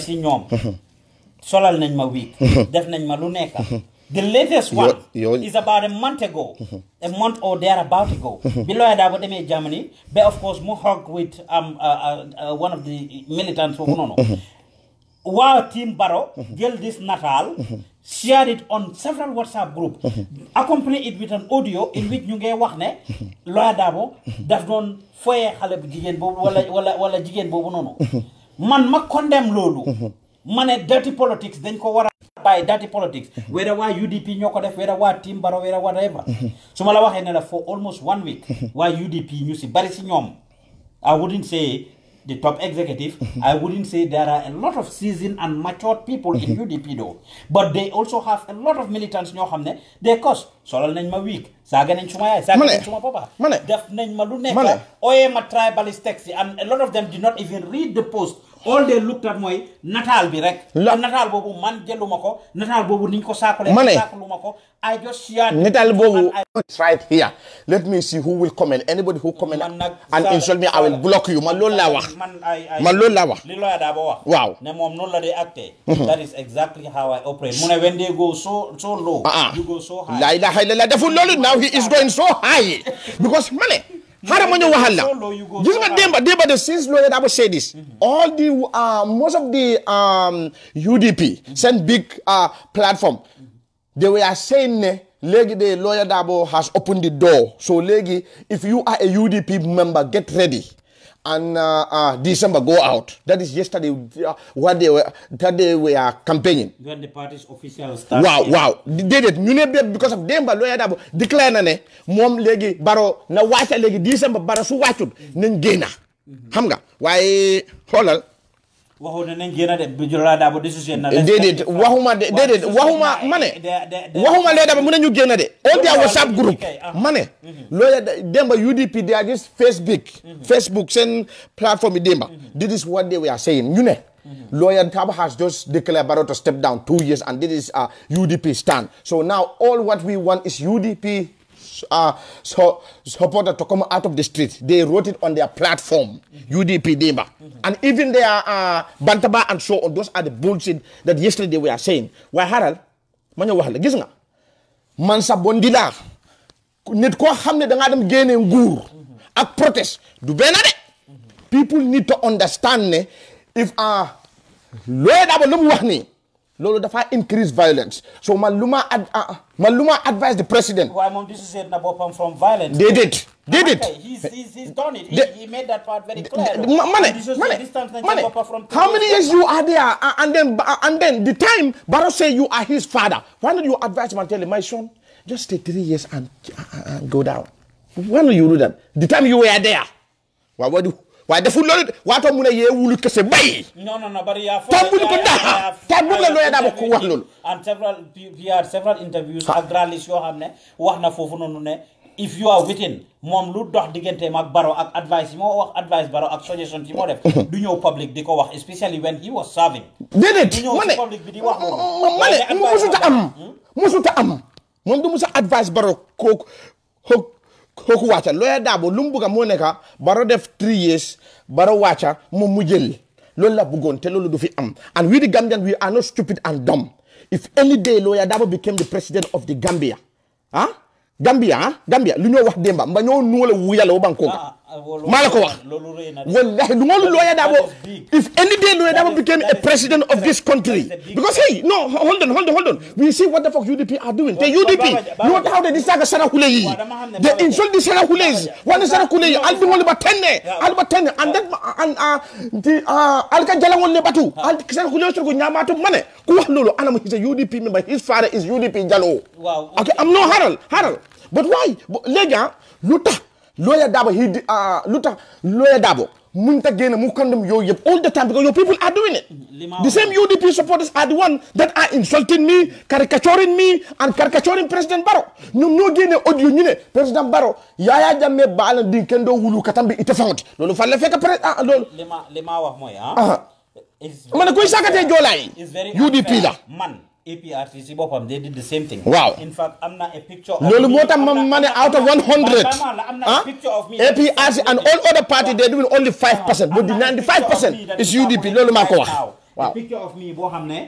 si ñoom solal nañ ma wii def ne ma lu The latest one yo, yo. is about a month ago, a month or thereabout ago. Below that, what they Germany, but of course, Mohawk with um, uh, uh, uh, one of the militants from no, no. Wow, Team Barrow, deal this Natal, shared it on several WhatsApp group, accompany it with an audio in which ñu ngee wax ne Lawyer daf doon foyee xale bu jigéen boobu wala wala jigéen boobu noonu man ma condemn loolu ma ne dirty politics dañ ko war a by dirty politics whether waa UDP ñoo ko def whether waa Tim Barrow whether whatever su ma la waxee ne for almost one week waa UDP ñu si bari si ñoom I wouldn't say the top executive I wouldn't say there are a lot of seasoned and matured people in UDP though but they also have a lot of militants ñoo xam ne they cause solal nañ ma week saaga nañ suma yaay saaga nañ suma papa def nañ ma lu nekk ooyee ma tribalist texte and a lot of them did all they nataal bi rek. la boobu man jëluma ko nataal boobu niñ ko saakule. ma ne ko I just shared. nataal boobu. it's right here let me see who will comment anybody who comment. and insult me I will block you man loolu laa wax. man ay laa wax. li lawyer daa ba wax. waaw ne moom noonu la dee acté. Mhm. that is exactly how I operate. Ah, ah. now he is going so high because ma xaaral ma ñëw waxal la gis nga démba démba de since lawyer Darboe say this mm-hmm. all the uh, most of the UDP um, send big uh, platform mm-hmm. they were saying ne Legi de lawyer Darboe has opened the door so legi, if you are a UDP member get ready and uh, uh, December go out. That is yesterday uh, what they were that they were campaigning. When the party's official started. Wow, wow. They did. You because of them, but lawyer that declare na ne moom legi baro na wacha legi December baro su wachut nen gena. Xam nga waaye xolal déedéet waxuma de déedéet waxuma ma ne waxuma lee daba mën nañu génn de on dit whatsapp group ma ne loolee démba UDP they are just Facebook mm-hmm. Facebook Send platform. yi démba mm-hmm. this is what they were saying You know, mm-hmm. Lawyer Taba has just declared Barrow to step down two years, and this is a uh, UDP stand. So now all what we want is UDP uh, so, supporter to come out of the street. They wrote it on their platform, mm-hmm. UDP Dima, Mm-hmm. And even their uh, Bantaba and so on, those are the bullshit that yesterday they were saying. Why, Haral, man, you gis nga man sa bondi laa nit koo xam ne da ngaa mm-hmm. ak protest du benn de mm-hmm. people need to understand ne if a uh, looy daaba lu mu loolu dafa increase violence so Maluma ad ah, ah, Maluma advise the president. waaye moom dissociate na boppam from violence. déedéet déedéet. he's he's he's done it. he he made that part very clear. ma ma ne how many years you are there and then and then the time Baro say you are his father why not you advise him and tell him my son just take three years and and uh, uh, uh, go down why not you do that the time you were there waaw wadu. waaye deful loolu waatoo mun a yeewulu kese bay. non non no, bari yaa foofu tàmbali ko daa tàmbali la looya daa ba ku wax loolu. and several we via several interviews ak journalist yoo xam ne wax na foofu noonu ne. if you are within moom lu dox digganteem ak Barrow ak advice yi moo advice baro, ak suggestion yi moo def. Mhm. du ñëw public di ko especially when he was serving. déedéet ma ne public bi di wax moom. ma ne musuta am hmm? musuta am moom du musa advice Barrow kooku kooku wàcca looya daabo lu mu bugga moo nekka baro def three years baro wàcca moom mu jël loolu la bëggoon te loolu du fi am and we the Gambians we are not stupid and dumb if any day lawyer Darboe became the president of the Gambia ah Gambia ah Gambia lu ñoo wax démba mba ñoo nuwala wuyala wo banko Malako. la ko wallahi lu ngoolu lawyer if any day lawyer Darboe became a president of this country because hey no hold on hold on hold on we see what the fuck UDP are doing The UDP ñoo how they di saaga Sarah yi They insult Sarah sarakule I'll sarakule only about 10 ba tenne al ba ten. and then and I'll uh, uh, get jalangol ne batu al sarakule Sarah ko ñaamaatu mane ku Money. loolu anam he's a UDP member his father is UDP Wow. okay i am no haral haral but why Lega, lu Lawyer Dabo he did, uh, ah, ah, Luther Lawyer Dabo Munta Gainer who condemn you all the time because your people are doing it. Lima the same UDP supporters are the one that are insulting me, caricaturing me, and caricaturing President Barrow. ñoom ñoo génne audio ñu ne président Barrow Yaya Jammeh baalan di kenn doo wulu katam bi ite fawti loolu fan la fekk pres ah loolu. li ma li ma wax mooy ah. kuy sàkkatee joolaa yi. UDP la man. APRTC they did the same thing. Wow. in fact i am not a picture. loolu moo tax ma ne out of one hundred. ah APRC and all other party they doing only five uh-huh. percent but the ninety five percent is UDP loolu maa ko wax. picture of me boo xam eh?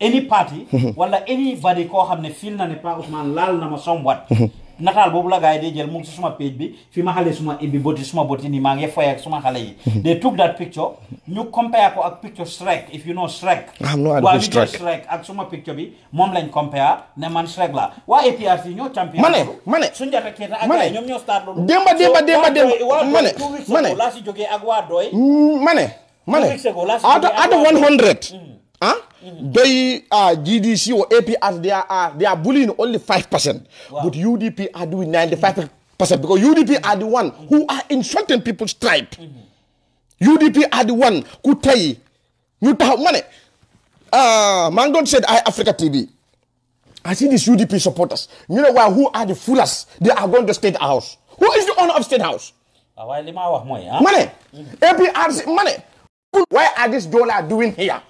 any party. while anybody call xam ne feel na ne Pa Ousmane laal na ma somewhat. nataal boobu la gars yi di jël mu ngi si suma page bi fi ma xale suma ibbi boti suma boti nii maa ngi foye ak suma xale yi mhm. they took that picture ñu compare ko ak picture Shrek if you know Shrek waa ñu jël Shrek ak suma picture bi moom lañ compare ne man Shrek la waa APRC ñoo champion ma ne ma ne Sunjata Keita ak gars ñoom ñoo start loolu démba démba démba démba ma si jógee ak waa ma ma ne out of one hundred mm. huh? Mm. They uh, GDC or APRs, they are bullying only but UDP are doing ninety five percent because UDP are the one who mm-hmm. are insulting people's tribe. Mm-hmm. UDP are the one ku tey ñu taxaw ma ne maa ngi Africa TV I see these UDP supporters ñu ne waa who are the foolers they are going to state house who is the owner of state house. waaw waaye li why are these dollar doing here.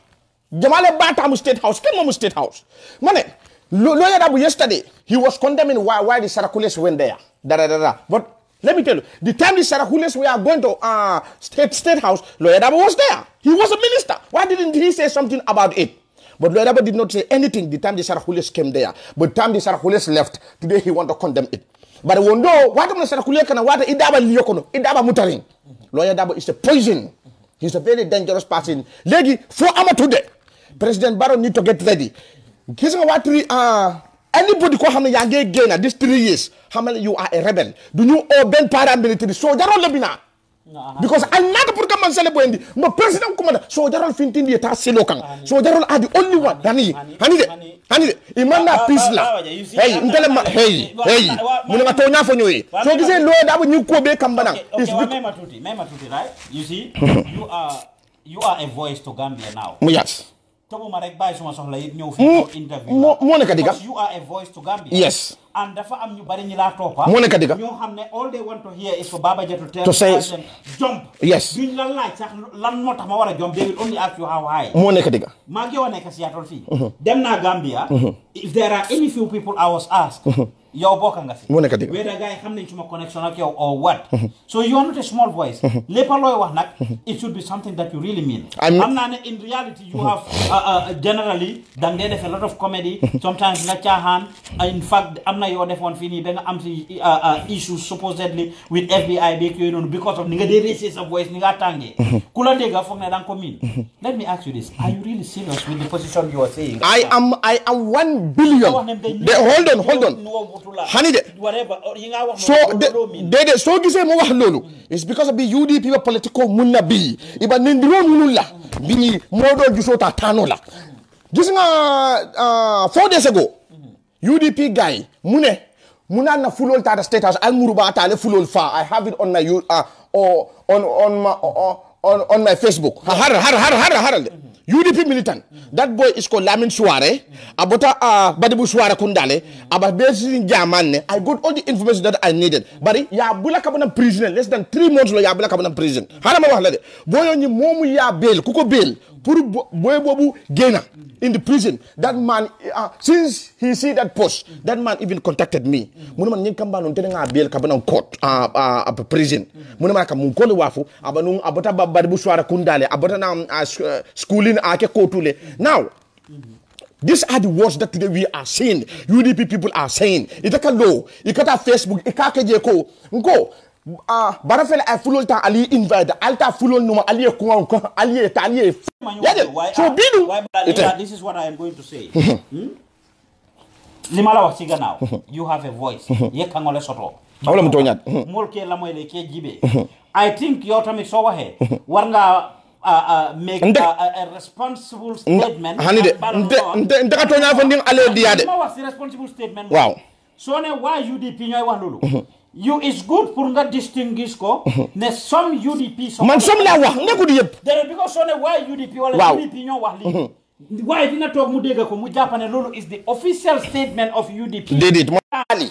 Jamale Batamu State House, Kemomu State House. Money. Lawyer Abu yesterday, he was condemning why, why the Sarakules went there. Da, da, da, da. But let me tell you, the time the we were going to uh, state, state House, Lawyer Abu was there. He was a minister. Why didn't he say something about it? But Lawyer Abu did not say anything the time the Sarakules came there. But the time the Sarakules left, today he want to condemn it. But wondo do. mna Sarakules kana wata idaba It idaba mutaring. Lawyer Abu is a poison. He's a very dangerous person. Legi for Ama today. president barrow need to get ready gis nga waa three uh, anybody koo xam ne yaa ngi gain uh, three years xamal you are a rebel Do you oo benn para military soojarol la bi naa because a naata pour que man sele boyendi mo président kumada soojarol fintindi ta selo are the only one dani hani de hani de imana na peace la hey ntele ma hey hey mun nga toña fo ñoy so gisee lo dabo ñu ko Okay, kam banan is because you see you are you are a voice to gambia now yes toguma rek bàyyi suma soxla yëpp ñëw fi interview moo nekk a voice yes and dafa am ñu bari ñi laa toppa ah. moo nekk diga ñoo xam ne all they want to hear is for Baba Jattu to say jump yes duñ la laaj sax lan moo tax ma war a jump they will only ask you how high moo nekk diga maa ngi yow nekk Seattle fii mhm. dem naa Gambia mhm. yow a nga fi. mu nekk dëgg wéer gars yi xam nañ suma connection ak yow or what. so you are not a small voice. lépp looy wax nag. it should be something that you really mean. am naa in reality you have uh, uh, generally da ngay def a lot of comedy. sometimes nga caaxaan in fact am na yoo defoon fii nii ba uh, issues with FBI beeg because of ni nga dee raise voice ni nga tàngee. ku la ne da nga ko miin. let me ask you this are you really serious with the position you are saying. I am one billion. hold on hold hani de so dede so gisee mu wax loolu it's because bi UDP ba political mun na bii iba nindiroo minnu la bii moo doo jusoo ta taanoo la gis nga ah, four days ago UDP guy mu ne mu naan na fulol taata state house al muru ba taale fulol faa I have it on my ah, oh, on on my oh, oh, on on my Facebook har har har har har UDP militant. That boy is called Lamin Suare. Abota uh, Badibu Suare Kundale. About basically Jamane. Eh. I got all the information that I needed. But ya bula kabana prison. Eh. Less than three months lo ya bula kabana prison. Hana ma wahlade. Boy only momu ya bail. Kuko bail. Bobu Gena in the prison. That man, uh, since he see that post, that man even contacted me. Muna man nyekamba nun tena ngabel kabana court a uh, a uh, prison. Muna man kamunkole wafu abanu abota babaribu swara kundale abota na uh, schooling ake kotule. Now. These are the words that today we are saying. UDP people are saying. Itaka low. Ikata Facebook. Ikaka jeko. Go. Ah. barafɛla a eh, fulol ta ali invite ali ta fulol numa ali ye kuma kan ali ye ta ali e ye yadi so binu ite this is what i am going to say hmm? limala wa siga now you have a voice ye kangole soto awla mtonya mol ke la moyle ke jibe i think yo tami so wa he war nga Uh, uh, make uh, a, a, responsible statement hani de nde nde ka tonya fo ndin ale diade ma wa si responsible statement wow so ne why udp nyoy e wax lolu uhuh. you is good pour nga distinguish ko. ne some UDP. man some laa wax nekkul yëpp. déedéet bi ko soo ne waaye UDP. waaw mu dégg ko mu jàpp ne loolu is the official statement of UDP. déedéet moo ah. Ali.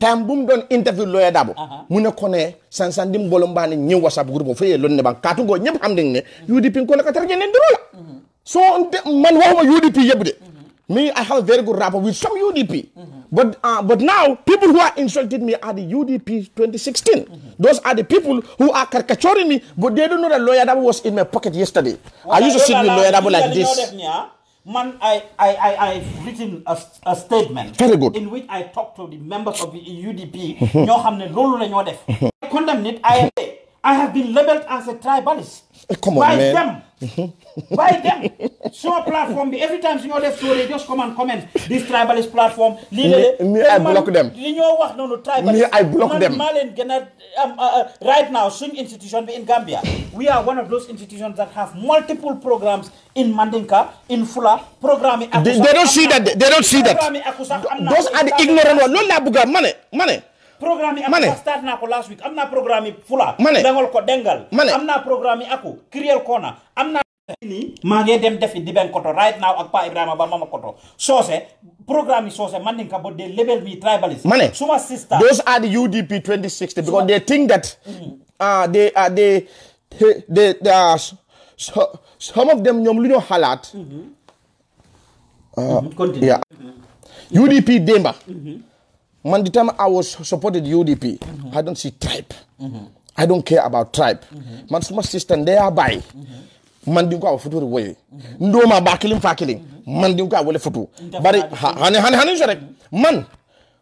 time bu mu doon interview lawyer Darboe. mu ne ko ne sansan dim bolo mbaani ñëw WhatsApp groupe o feye loolu ne ban kaatu ngoo ñëpp xam ne UDP ko la ka tar ñeneen doro la. soo man waxuma UDP yëpp de. Me, I have a very good rapport with some UDP. Mm -hmm. But, uh, but now, people who are insulting me are the UDP 2016. Mm -hmm. Those are the people who are caricaturing me, but they don't know the lawyer that was in my pocket yesterday. Well, I used I to sit with lawyer double like this. Man, I, I, I, I've written a, a statement Very good. in which I talk to the members of the UDP. I condemn it. I, I have been labeled as a tribalist. Eh, come on man dem waaye dem platform bi every time su ñoo def story just come and tribalist platform. lii de mi ay block dem li ñoo wax noonu. tribalist mi ay leen gën a uh, uh, right now suñ institution bi in Gambia. we are one of those institutions that have multiple programs in Mandinka in Fula programme yi. those are the ignorant ones loolu laa bëgg a ma ma programme yi am start naa ko last week am naa programme yi fula ma ne dangal ko dengal ma ne am naa programme yi aku kiriyel koona am naa nii maa ngi dem defi di benn koto right now ak Pa Ibrahima Ba mama koto soose programme yi soose man ninka but they label me tribalist ma ne suma sister those are the UDP 2060 because they think that mm-hmm. uh, they uh, they they they are so, some of them ñoom lu ñu xalaat mm-hmm. Uh, mm-hmm. continue yeah UDP démba man the time I was supported UDP mm -hmm. I don't see tribe mm -hmm. I don't care about tribe man suma system thereby man dinga ko awa futuuri woyi ndooma baa kiliŋ faa kiliŋ man dinga ko a wele futu bari hani hani hani so rek man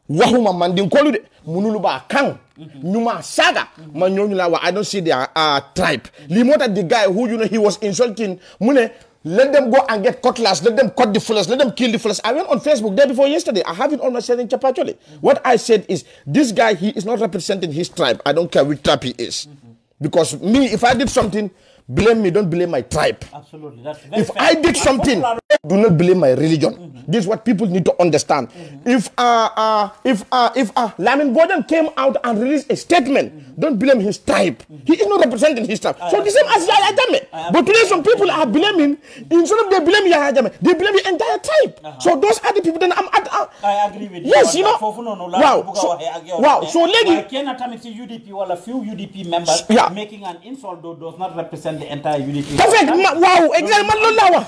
wahuma man din kolu de lu ba kan nyuma saga man nyonyula wa I don't see their uh, tribe limota the guy who you know he was insulting ne Let them go and get cutlass. Let them cut the fullers. Let them kill the fullers. I went on Facebook day before yesterday. I have it on my selling Chapacholi. Mm -hmm. What I said is, this guy, he is not representing his tribe. I don't care which tribe he is. Mm -hmm. Because me, if I did something, blame me, don't blame my tribe. Absolutely. That's very if fair. I did something, do not blame my religion. Mm-hmm. This is what people need to understand. Mm-hmm. If uh, uh, if uh, if uh, Lamin Boden came out and released a statement, mm-hmm. don't blame his tribe. Mm-hmm. He is not representing his tribe. I so the same as Yahya Jammeh. But today some people are blaming, instead of they blame Yahya Jammeh, they blame the entire tribe. Uh-huh. So those are the people that I'm at. Uh, I agree with you. Yes, you know. Wow. So, wow. So, lady. Why can't UDP, while a few UDP members yeah. making an insult though does not represent the entire unity. Perfect. Ma, wow. Exactly. Man, look now.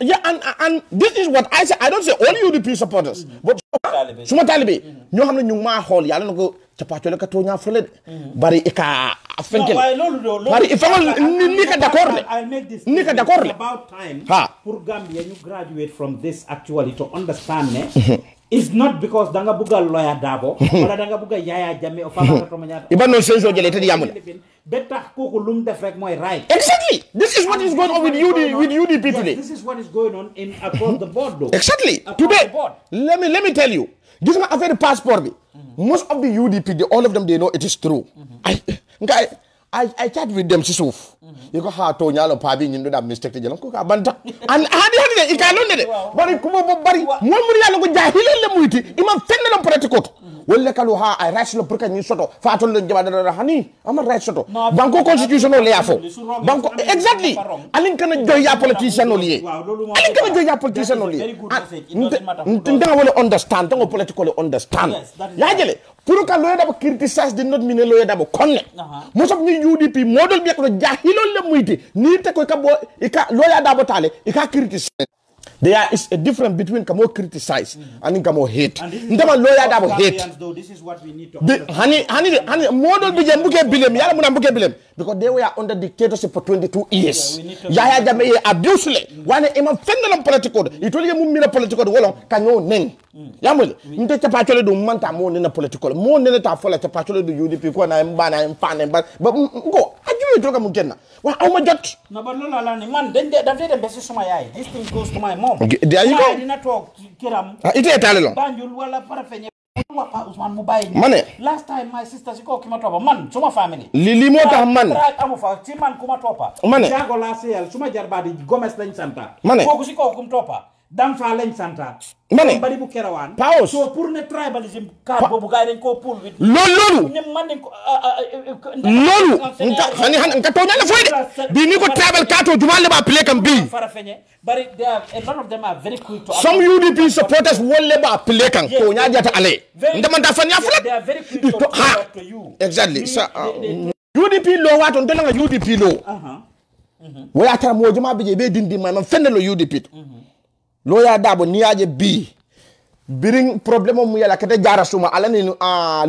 Yeah, and and this is what I say. I don't supporters, but suma talibe. ñoo xam ne ñu ngi maa xool yàlla na ko cappaatoo la ka tooñaa fële de. bari i ka mm-hmm. fenkel. waaye loolu loolu bari i fengol ni ka d'accord de. I make ka d'accord it's not lawyer dabo wala danga o non senjo jele tadi yamul betax exactly this is what is going on with UDP yes, the board exactly today let me tell you gis nga affaire passport bi mm-hmm. most of the UDP they, all of them they know it is true mm-hmm. I, I, I chat with them sisuf yi ko hato nyalo pa bi nyindo da mistake te jalan ko ka banta an hadi hadi de ikalo ne de bari kuma bo bari mon mun yalo ko jahile le muyti imam fenne lam prati ko wala kalu ha ay rights lo pour ni soto fatol le jaba da hani am rights soto banko constitution le yafo banko exactly alin kana joy ya politician le alin kana joy ya politician le nda wala understand tango political understand ya kuruka loyoɗaɓo critisage de notmine loyoɗaɓo konne mo sofni udp moɗol ɓiye koto jahilol le muyti ni te koy kabo ika loyaɗaɓo tale ika critisage There is a difference between kamo criticize mm-hmm. and kamo hate. Ndema lawyer dabo hate. Though, this is what we need to Be, hani hani hani model bi jambuke bilem yala muna mbuke bilem because they were under dictatorship for 22 years. Yeah, Yaya jame abuse le. Mm-hmm. Wane imam fendalam political. Itoli mu mina political Mm. yamule nte capacole ɗum manta mo nena politicole mo neneta fola capacole ɗo udp ko na mbana fane ba ko ajuwe to kam kenna wa awma jot no ba lola lani man den de dafde de besi suma yaay this thing goes to my mom there you go dina talk kiram ah, ite tale lon banjul wala parfeñe wapa Ousmane mu bàyyi mane last time my sister si koo ki ma toppa man suma famille li li moo tax man amu fa si man ku ma toppa mane Thiago laa seyal suma jarbaadi kooku si kooku mu toppa Danfa lañ santa ma ne bari bu kerawaan paos so pour ne tribalism kaar boobu gars yi loolu loolu ko euh, euh, euh, loolu nka hani hani nka tooña la foy ko tribal kaato juma le ba play kam bi fara feñe a lot of them some UDP supporters wolle ba play kan ko nya jata ale ndama fulat they exactly sa UDP uh, lo waton dolanga UDP lo uh-huh. mm-hmm. wo ya tara mo juma be je be dindi man fenne lo UDP to mm-hmm. loya dabo niyaje bi birin problème mu yala kete jara suma ala ni ah uh,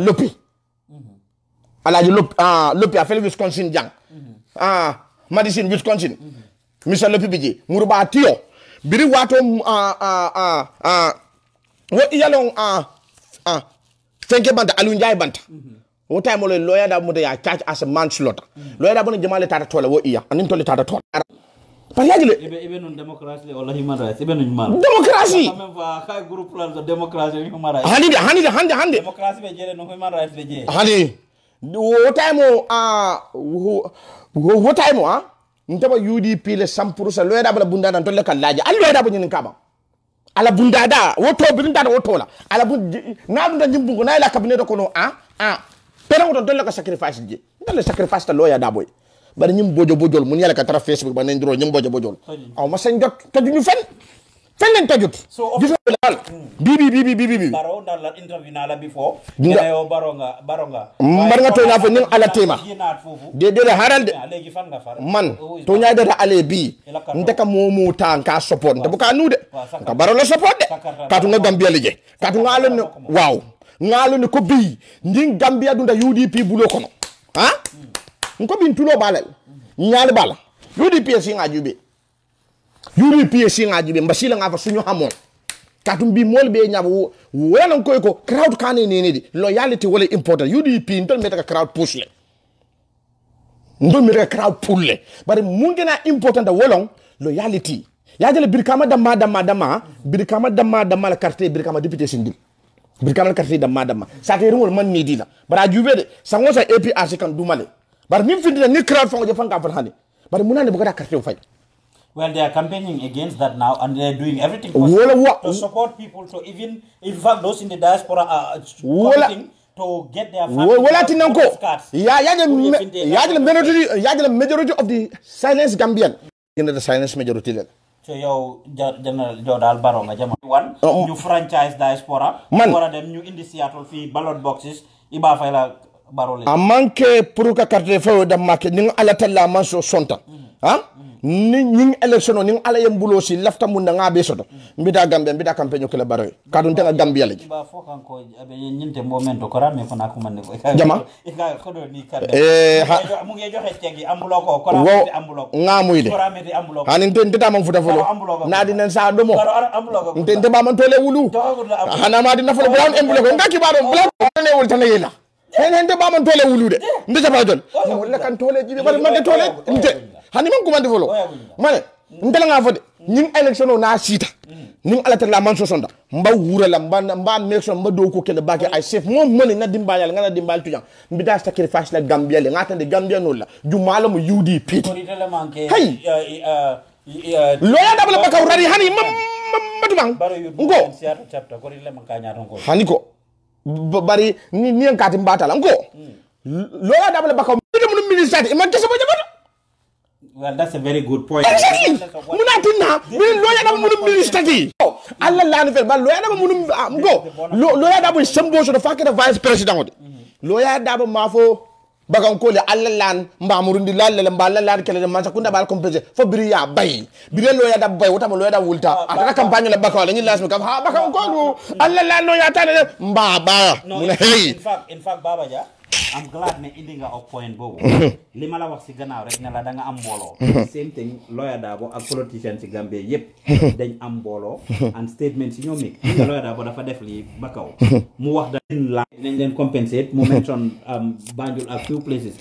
lopi a fel wisconsin jang mm-hmm. ah uh, madison wisconsin mm-hmm. misa lopi biji muruba tio biri wato ah ah ah ah wo iyalon ah ah fenke banta alu njay banta wo time lo loya dabo mo de ya catch as a manslaughter loya dabo ne jamaale tata tola wo iya anin tola tata parce que ntaba udp le 100% loyada bundada to le kallaje al kaba ala bundada wo to bindada wo to ala bu na dunda jimbungu na ila a a to le ka sacrifice je sacrifice ta loyada boy e. bari ñim bojo bojol mu ñela ka tara facebook ba nañ dro ñim bojo bojol aw ma sen jot taju ñu fen fen lañ tajut gis nga dal hmm. bi bi bi bi bi baro dal la interview na la before nga yo baro nga baro nga mm, bar nga toyna fa ala tema de ah, oh, de la haral de man to ñay de ale bi ndaka mo tan ka support de bu ka nu de ka baro la support de ka tu nga gambia lije ka tu nga alen waaw nga ko bi ndin gambia dunda udp bulo kono ha ah? hmm nko bi ntulo balal nyaal bala UDPS nga jube UDPS nga jube mbasila nga fa suñu xamon katum bi mol be nyabu welan koy ko crowd kané ni ni di loyalty wala important UDP ndol metaka crowd push le ndol metaka crowd pull le bari mungena important da wolong loyalty yajele birkama damma damma damma birkama damma damma la carte birkama député sindil birkama la carte damma damma sa te rewol man ni di la bara jube de sangosa ac kan malé bar min findina ni crowd fongo je fanka fan hani bar munande bogada carte o fay Well, they are campaigning against that now, and they're doing everything possible to support people. To even, in fact, those in the diaspora are uh, committing to get their family cards. Ya, ya the, yeah, the majority, yeah, the ya, majority of the silence Gambian. You know the silence majority. Then. so yow general jodal baro nga jama one ñu oh, oh. franchise diaspora man them new in the seattle fee ballot boxes iba fay la a man kɛ pour carte de fɛnw da ma ni ala ta la a man so sɔn ah, ni ni election ni ala ye n si lafta mun nga be soto mbi da gambe mbi da campagne le baro ka dun tanga gambia le jama eh ha mu ngey joxe tegi ambulo ko ko ambulo nga muy de han nte nte tamam fu folo na di nen sa do mo nte nte ba man tole wulu hana ma di na folo brown ambulo ko ki ba do black ne tan yela hen ba man toole wulude nde jaɓa jone walla kan tooleji ɗi mbaɗa magge tooleji nde hani man kumande folo mane ndelaga fode ñing élection o na siita ning alatala man sosonda mba wurala mba mba mection mba dow ko kele bake ay chef mo moni na nga ngana dimbal tujan mbida sacrifice la gambia le ngata de gambia no la jumala mo udp hay loya dabla bakaw rari hani mam matuma ngo hani ko bari ni niyankati mbatala nko loya dabale baka mide munu ministrate ima kese bo jabata Well, that's a very good point. Exactly. Munatina, we lawyer da munu ministrate. Allah la ni fel ba lawyer munu ah, go. Lawyer da bo sembo so the vice president. Lawyer da bo mafo bagan ko le alla lan mbamurundi lalle le mballa lan kele mansa kunda bal komplexe fo biri ya bay biri lo ya da bay wota mo lo ya da wulta atata campagne le bakaw le ni lasmi kam ha bakan ko alla lan no ya tane mbaba mun hey in fact in fact baba ja I'm glad me indi nga op point bobu Lima la wax si gannaaw rek ne la da nga am mbolo same thing lawyer Darboe ak politician ci Gambie yep dañ am mbolo and statement ci ñoomik lawyer Darboe dafa def li ba kaw mu wax dañ la dañ leen compensate mu mention um, Banjul a few places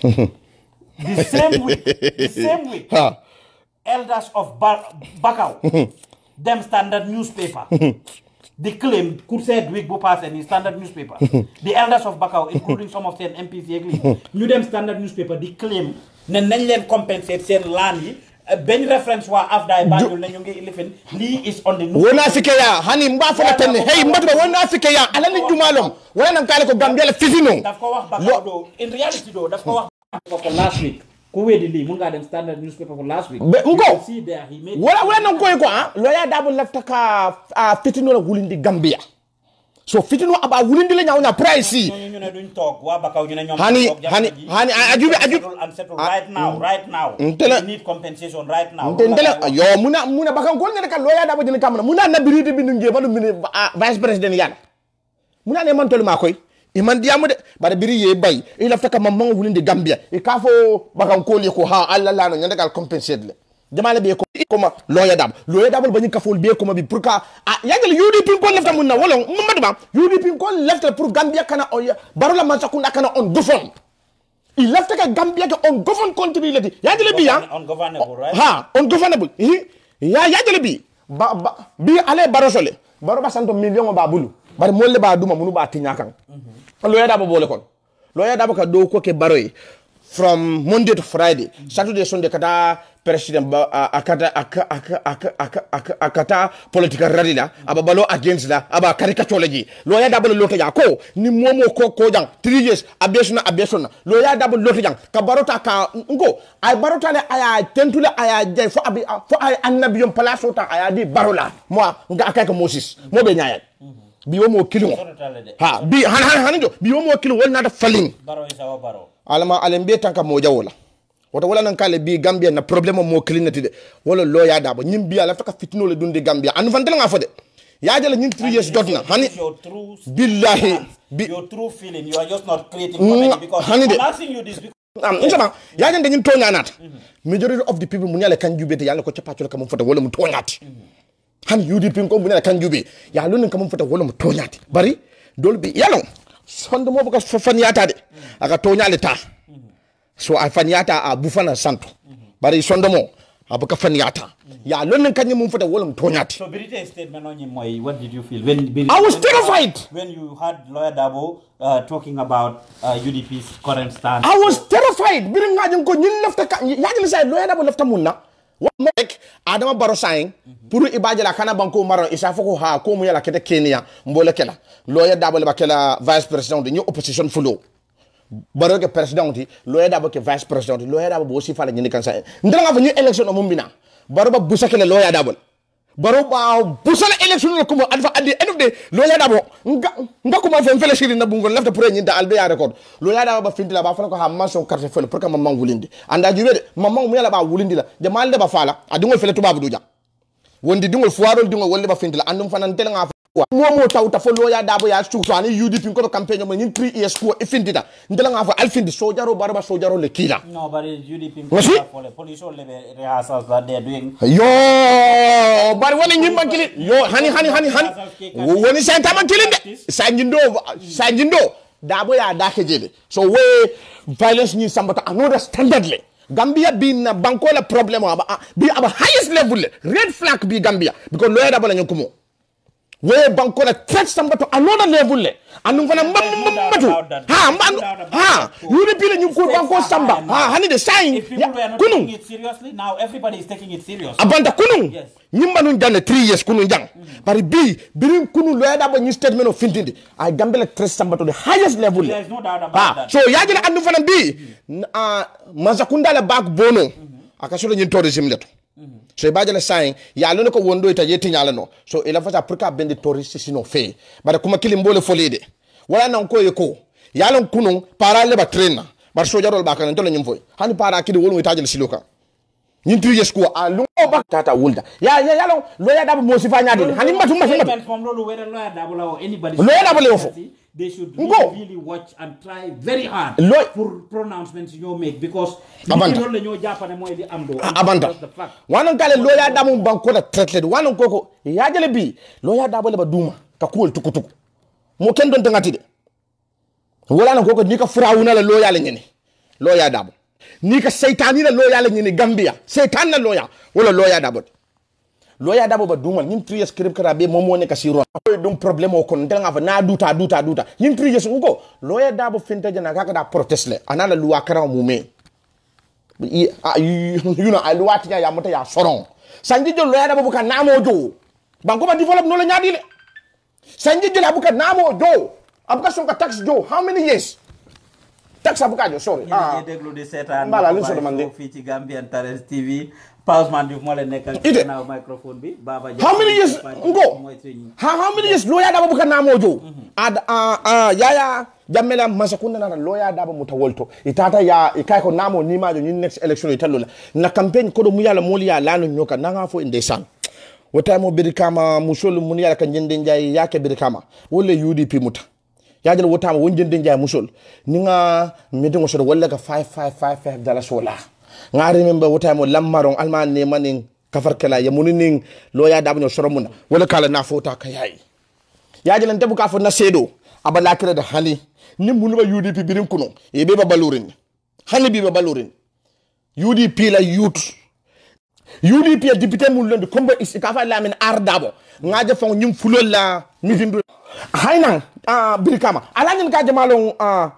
the same week the same week elders of bakaw dem standard newspaper the claim crusade week bu passé nii standard newspaper the elders of Bakau including some of seen MPs yeeg dem standard newspaper di claim ne nañ leen compensate seen laan yi benn reference waa afdaay Banjul ne ñu ngi ilifin is on the news wonafike ya hani mba fona tenne hey mbatuba wonafike ya alani jumalom wona nan kaale ko Gambia la fisino daf ko in reality do daf ko who were the Munga them standard newspaper for last week. But Ugo, see there he made. Wala wala no kwe kwa ah? lawyer ya double left ka uh, ah, fitino la wulindi Gambia. So fitino aba wulindi le nyauna price. Hani hani hani ajubi ajubi. Unsettled right now, mm. right now. Ntele, we need compensation right now. Ntele, yo muna muna bakan kol ne loya double jeni kamna muna na biridi bindu nge balu ah, vice president yana. Muna ne man tolu makoy. imandiyamu de bare biri ye bay ilafta ma mangu wulin de gambia e kafo bakan ko ha alla la no nyande gal compensate le de ko koma lawyer dab lawyer dab bani be koma bi de yagal udp na ba udp gambia kana o barola man kana on il lefta ka gambia que on govern country le yagal bi ya on governable ha governable ya bi ba bi ale barosole baro million ba bari moolu le be duma munu Lo ya tiña kaŋ mhm. loya daaba boole kono loya daaba ka do ko ke baroy from monday to friday saturday sunday kata president ba a kata a akata political rally radila. aba balo against la aba caricature la Lo ya daaba le loota jang ko ni momo ko ko jang three years abesuna suna Lo ya loya daaba le loota ka barota ka ngo ay barota le aya tentule aya jay fo abi fo ay annabiyum place ta aya di barola moi nga akaka moses mo be nyaayal mhm. biwomo kilin ha bi han han han jo biwomo kilin wol nata falin baro isa baro alama alembe tanka moja wala wata wala nan kale bi gambia na problème mo kilinati de wala lo ya dabo nyim bi ala taka fitino le dundi gambia an fantala nga fode ya jala nyim 3 years jotna hani billahi bi your true feeling you are just not creating comedy mm, because i'm asking you this because am insama ya jande nyim toñanata majority of mu toñati mm mm-hmm. han udp ko bunena kan jube ya lunin kamun fata wala mu tonyati bari dolbi yalo sonde mo baka fofan yata de aka tonyale ta so a fan yata a bufana santo bari sonde mo abaka fan yata ya lunin kan mun fata wala mu tonyati so birite statement on moy what did you feel when i was terrified when you had lawyer dabo uh, talking about uh, udp's current stance i was terrified birin ngajin ko nyin lafta ya nyin sai lawyer dabo lafta munna wamek adama baro sayin puru ibajela kana banko maro isa foko ah, ha ko mu yala kete kenya mbole kela loya dabole bakela vice president de ni opposition fulo baro ke president di loya dabo ke vice president loya dabo bo si fala ni kansa ndanga fa ni election o mumbina baro ba busakele loya dabole baro ba busala election no kuma alfa adi enuf de lo ya dabo nga kuma fen fele shiri na bungol lafta pour ñi da albe ya record lo ya dabo ba fin la ba fa ko ha mansion carte fele pour ka mamman wulindi anda jube de mamman mu la ba wulindi la de mal de ba fala adingo fele bu du ja wondi dingo fuarol dingo wolle ba fin la andum fanan tel nga kwa mwa mota ya dabo ya chuso ani UDP nko campaign mo nyin 3 years ko ifindita ndela nga fa alfindi sojaro barba sojaro le kila no but UDP nko le police ole be rehearsals that they doing yo bari woni nyimba kili yo hani hani hani hani woni sa tama kilinde sa nyindo sa nyindo dabo ya dake jele so we violence ni sambata another standard le Gambia bin na banko la problem aba bi aba highest level red flag bi Gambia because lawyer da bala nyokumo we banko na catch somebody to another level le anu fana mbatu ha mbandu ha yule pile nyuko banko samba ha hani the a kunu seriously now everybody is taking it seriously abanda kunu yes. nyimba nun jande 3 years kunu jang bari mm. bi birin kunu lo yada ba new statement of findindi i gambele catch somebody to the highest level le no ha so yajina andu fana bi ah, mazakunda le back bono mm-hmm. akasholo nyin tourism leto so i bajala sayin yaalo ne ko wondo ita yeti nyala no so ila e fasa purka bende touriste sino fe bara kuma kilimbole folide wala nan ko ye ko yalon kunun para leba train bar sojarol ba kan tolo nyimfoy hani para kidi wolum itajel siloka nyin tri yesko a lu ko bak tata wulda ya ya yalon lo ya dab mo sifanya nyaade hani matu matu matu lo ya dab lo anybody lo ya lo fo they should really, really watch and try very hard Loy. for pronouncements you make because abanta lolé ñoo jappane moy li am do wanan kale loya damu banko da tratled wanan koko ya jale bi loya dabale ba duma ka kuwol tukutuku mo ken don tangati de wala nan koko ni ka furawuna la loya la ñene loya dabu ni ka shaytani la loya la ñene gambia shaytan la loya wala loya dabu loya dabo ba dumal nim triye script kara be momo ne ron ko dum problem o kon dal fa na douta douta douta nim triye su ko loya dabo finta jana kaka da protest le anala loi kara mu me you know loi tinya ya mota ya soron sanji jo loya dabo ka namo jo banko ba develop no le nyadi le sanji jo abuka namo jo abuka son ka tax jo how many years tax abuka jo sorry ah deglo de lu so mandi. fi ci Gambian Talents TV Pause man Diouf moo leen nekkal. ite gannaaw microphone bi. Baba how many years ngo how many years lawyer daba buka namo jo mm-hmm. ad uh, uh, yaya jammela masakunda nana lawyer daba muta wolto itata ya ikai ko namo nima jo ni next election italola na campaign kodo mu yala moli ya lanu nyoka nanga indesan wata birikama musol mun yala kan jende njay yake birikama wolle UDP muta yajal wotama won jende njay ninga meeting o sodo ka 5555 dala sola ngari min ba wota mo lammaron alma ne manin kafar kala ya muninin loya da bunyo shoron mun wala kala na fota kan yayi ya jilan tabu kafin na sedo abala kira da hali ni mun ba UDP birin kuno e be ba balurin hali bi ba balurin UDP la youth UDP ya député mun londi kombo iskafa la min ardabo ngaje fon nyum fulol la mizindu hayna ah birkama ala nyin ka jamalo ah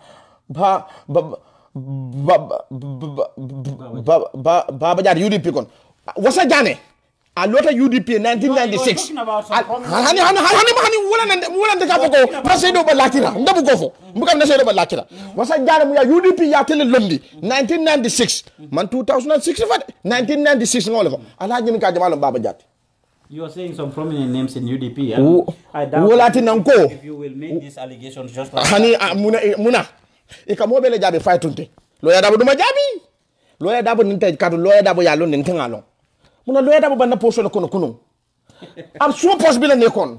ba ba Baba Jaa UDP kon wasa jaane a lot UDP hani hani hani nande wala nande kapo ko ma sedo ba lakira ndabu ko fo na sedo ba lakira wasa jaare mu ya UDP ya tele londi 1996 man 2006 fat 1996 ngol ko ala jin ka jamalum baba jatti You are saying some prominent names in UDP. Yeah? Ah, Muna, eh, ika mo bele jaɓe fay tunte loya daɓo ɗuma jaabi a daɓo ninte kadu loya ah, a yallo ninteŋa lon muna loya daɓo banna posole kono kunun am suo pos bila ne kon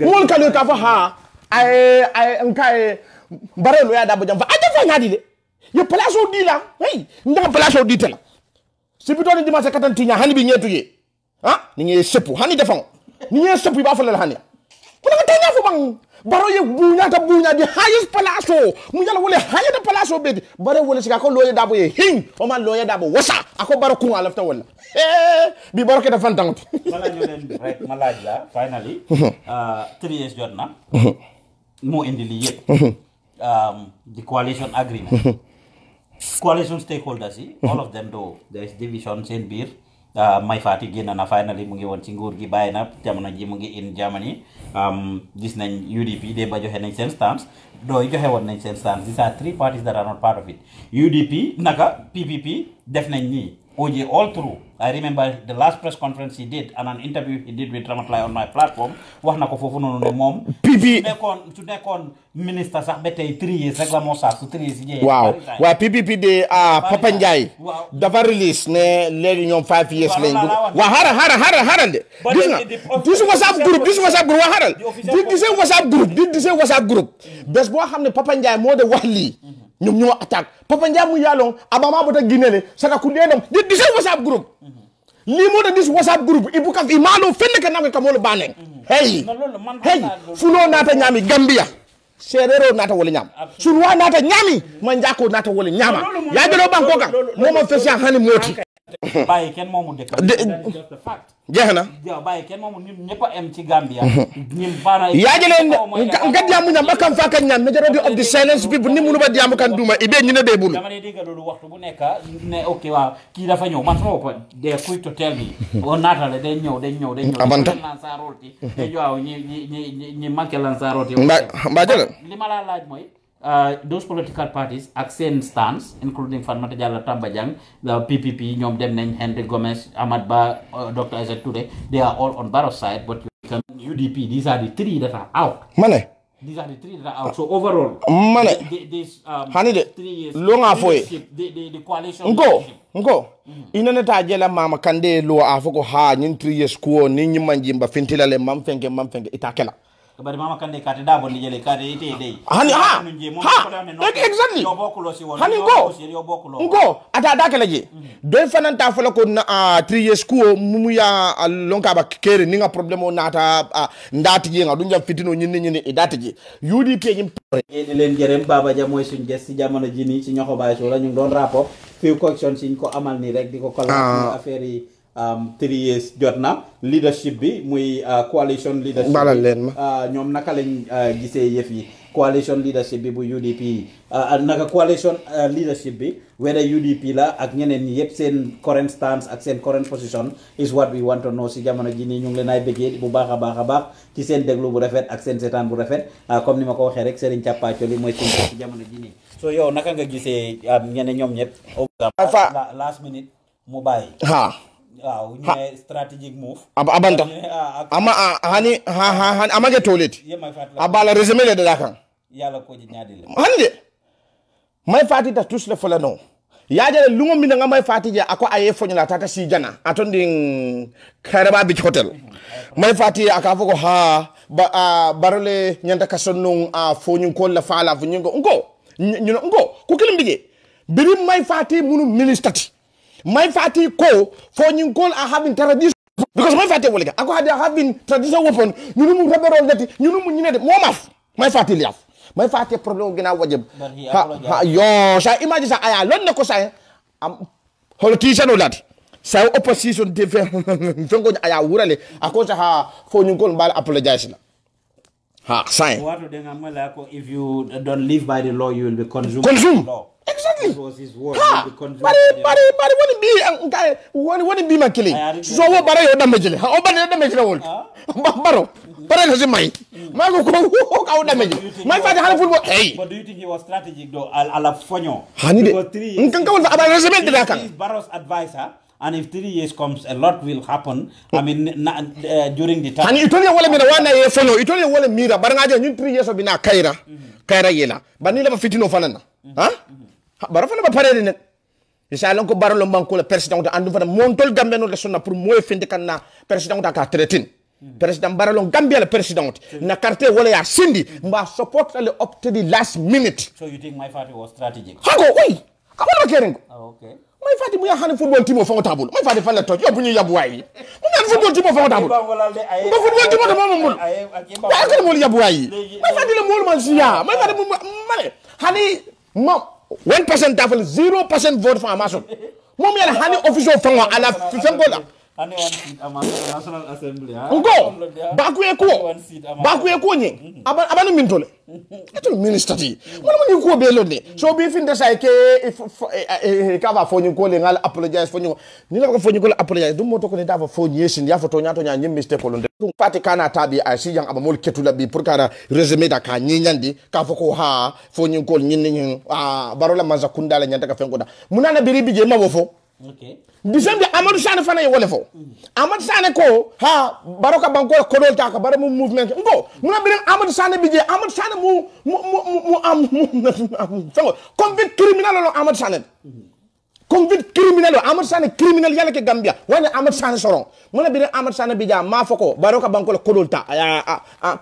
mool kalu ka fo ha aye aye nka ye mbare loya daɓo jam fa aja fa ñaadi de ye place o di la hey ndaxa place o di tela sibitoni dimanche katantiña hani bi ñeetuye a ah, ni ñe seppu hani defaŋo ni ñe seppu i b'a fo lala haniya wala tanya fu bang baro ye bunya ta bunya di highest palaso mu yala wala haya de palaso bedi Baro bare wala ko loye dabo ye eh. hing, o ma loye dabo wosa. ako baro kun alafta wala eh bi baro ke da fan tangut wala ñu len rek la finally hmm. uh, three years jotna mo indi li yep the coalition agreement hmm. coalition stakeholders yi hmm. all of them do there is division sen bir. uh, may faati génn na finally mungi ngi singgur gi bayna na jamono ji in Germany Um, gis nañ UDP dee ba joxe nañ seen stance dooy joxe woon nañ seen stance these are three parties that are not part of it UDP naka PPP def nañ nii O.J. Altru I remember the last press conference he did and an interview he did with Ramatlaay on my platform waaw PPP de ah, Papa dafa release ne léegi ñoom five years lañ. waaw xaaral xaaral xaaral de. gis nga dis WhatsApp group dis WhatsApp group waaw mm. boo xam ne Papa moo de wax ñoom ñoo attaque papa njaamu yaalong abama bota guinele saka ku dedam di dise whatsapp group li mo da dis whatsapp group ibu kaf imalo fenne ka nangi kamol baneng hey hey fulo nata nyami gambia serero nata wole nyam sunwa nata nyami manjako nata wole nyama ya jelo banko kan ah. momo fesian hani moti bàyyi kenn moomu dëkk. jeex na. bàyyi a am ci Gambia. ñun baana. yaajelen nga diamu ñam ba diamu kan duma ibe ñu ne de bulu dama lay dégg loolu waxtu bu nekk ne ok waaw kii dafa ñëw man sama bopp de kuy to tell me o naatale day ñëw day ñëw day ñëw amanta lansarooti day waaw ñi ñi ñi ñi manqué lansarooti li ma laa laaj mooy Euh, those political parties ak seen stance including Fatoumatta Jallow Tamba Jang PPP ñoom dem nañ Henry Gomez Amat Bah euh, Dr Isaac Touré they are all on Barrow's side but UDP these are these are the three out so um, hani de lo nga fo ye. the ta jela mama kande lo a fo ko three years kuwo ni ñi manjimba fintila le mam fenke mam fenke ita bari mama kande kate da bondi jele kate ite dey hani ha ha exactly hani go go ata da kala je mm-hmm. don fanan ta fala ko na ah, three years ko mumu ya ah, lonka ba kere ninga problem o nata ah, ndati je ngadu njam fitino nyinni nyinni e dati je udp nyim pore ene len jerem baba ja moy suñu gesti jamono jini ci ñoxo bay so la ñu don rapport fi ko action ko amal ni rek diko kala affaire yi Um, three years jot na leadership bi muy uh, coalition leadership balal leen ma uh, ñoom naka lañ uh, gisee yëf yi coalition leadership bi bu UDP naka coalition leadership bi whether UDP la ak ñeneen ñi yëpp seen current stance ak seen current position is what we want to know si jamono ji nii ñu ngi leen ay bëggee bu baax a baax a baax ci seen déglu bu rafet ak seen seetaan bu rafet comme ni ma ko waxee rek Serigne Thiapathioly mooy seen si jamono ji nii so yow naka nga gise um, ñeneen ñoom ñëpp last minute mu bàyyi waaw ah, ñu strategic move abanta ah, ama ah, hani ha ha hani amage toleti abala resume le da kan yala ko nyaade le hande may fati ta tusle fola no yajale lungo mina nga may fati ja ako aye fonyola tata si jana atondi karaba beach hotel may fati akafo ko ha ba uh, barole nyanta kasonung a uh, fonyu ko la fala fonyu ko ngo nyino ngo ko kilim bije biri may fati munu ministati maifati ko fo nyin kol are having tradition because maifati wolika ako hadi are having tradition weapon nyunu mu reberol dati nyunu mu nyine de mo maf maifati liaf maifati problem gina wajib ha, ha yo sa image sa aya lon ne ko sa am politician olati sa opposition de fe fengo aya wurale ako sa ha fo nyin la ha sa wato Exactly. Ha, bari bari bari wani bi wani wani bi ah? mm. ma kelen so wo bara yo dambe jele o bara yo dambe jele ha, ba baro bara na zimai ma ko ko ka o dambe jele ma fa de hana football hey but do you think he was strategic though al ala fonyo hani de nkan ka won aba resement da kan baros advisor and if three years comes, a lot will happen. I mean, na, uh, during the time. And itoli wale mira wana ye follow. Itoli wale mira. Baranga je, ni three years obina kaira, mm-hmm. kaira yela. Bani leba fitino fanana. Mm-hmm. Ha? Mm-hmm. bara fana ba parede nen isalan ko baralo bankola président ta andu fana montol gambe no le sonna pour moye finde kanna président a ka traitin hmm. président baralo gambia le président hmm. na carte wala ya sindi mba support le up to the last minute so you think my party was strategic hako oui kawala kerengo oh, ah, okay mai fati muya hani football team fongo tabulu mai fati yabu wayi mu nan football team fongo tabulu ba football 1% dafali 0% vote for Amason. Mo mi yɛrɛ hali official fɛn wa ala fɛn ko la. nko bakuye kuwo bakuye kuwo ñe abani min tole itol ministre ti manamo ni bi fin ke kava foñi kole ngal apologize foñi ni lafaka foñi kole apologize ya foto ñato ña ñim mistake kolon abamol ketula pour kana résumé da ka ñiñandi ka fo ko ha foñi kol ñinni ñin a barola mansa bisembe amadou sane fana ye wole fo amadou sane ko ha baro ka banko kodol ta ka bare mu movement ngo muna birin amadou sane bi je amadou sane mu mu mu am mu fengo convict criminal lo amadou sane convict criminal o amadou sane criminal yala ke gambia wani amadou sane soron muna birin amadou sane bi ja ma fo ko baro ka banko kodol ta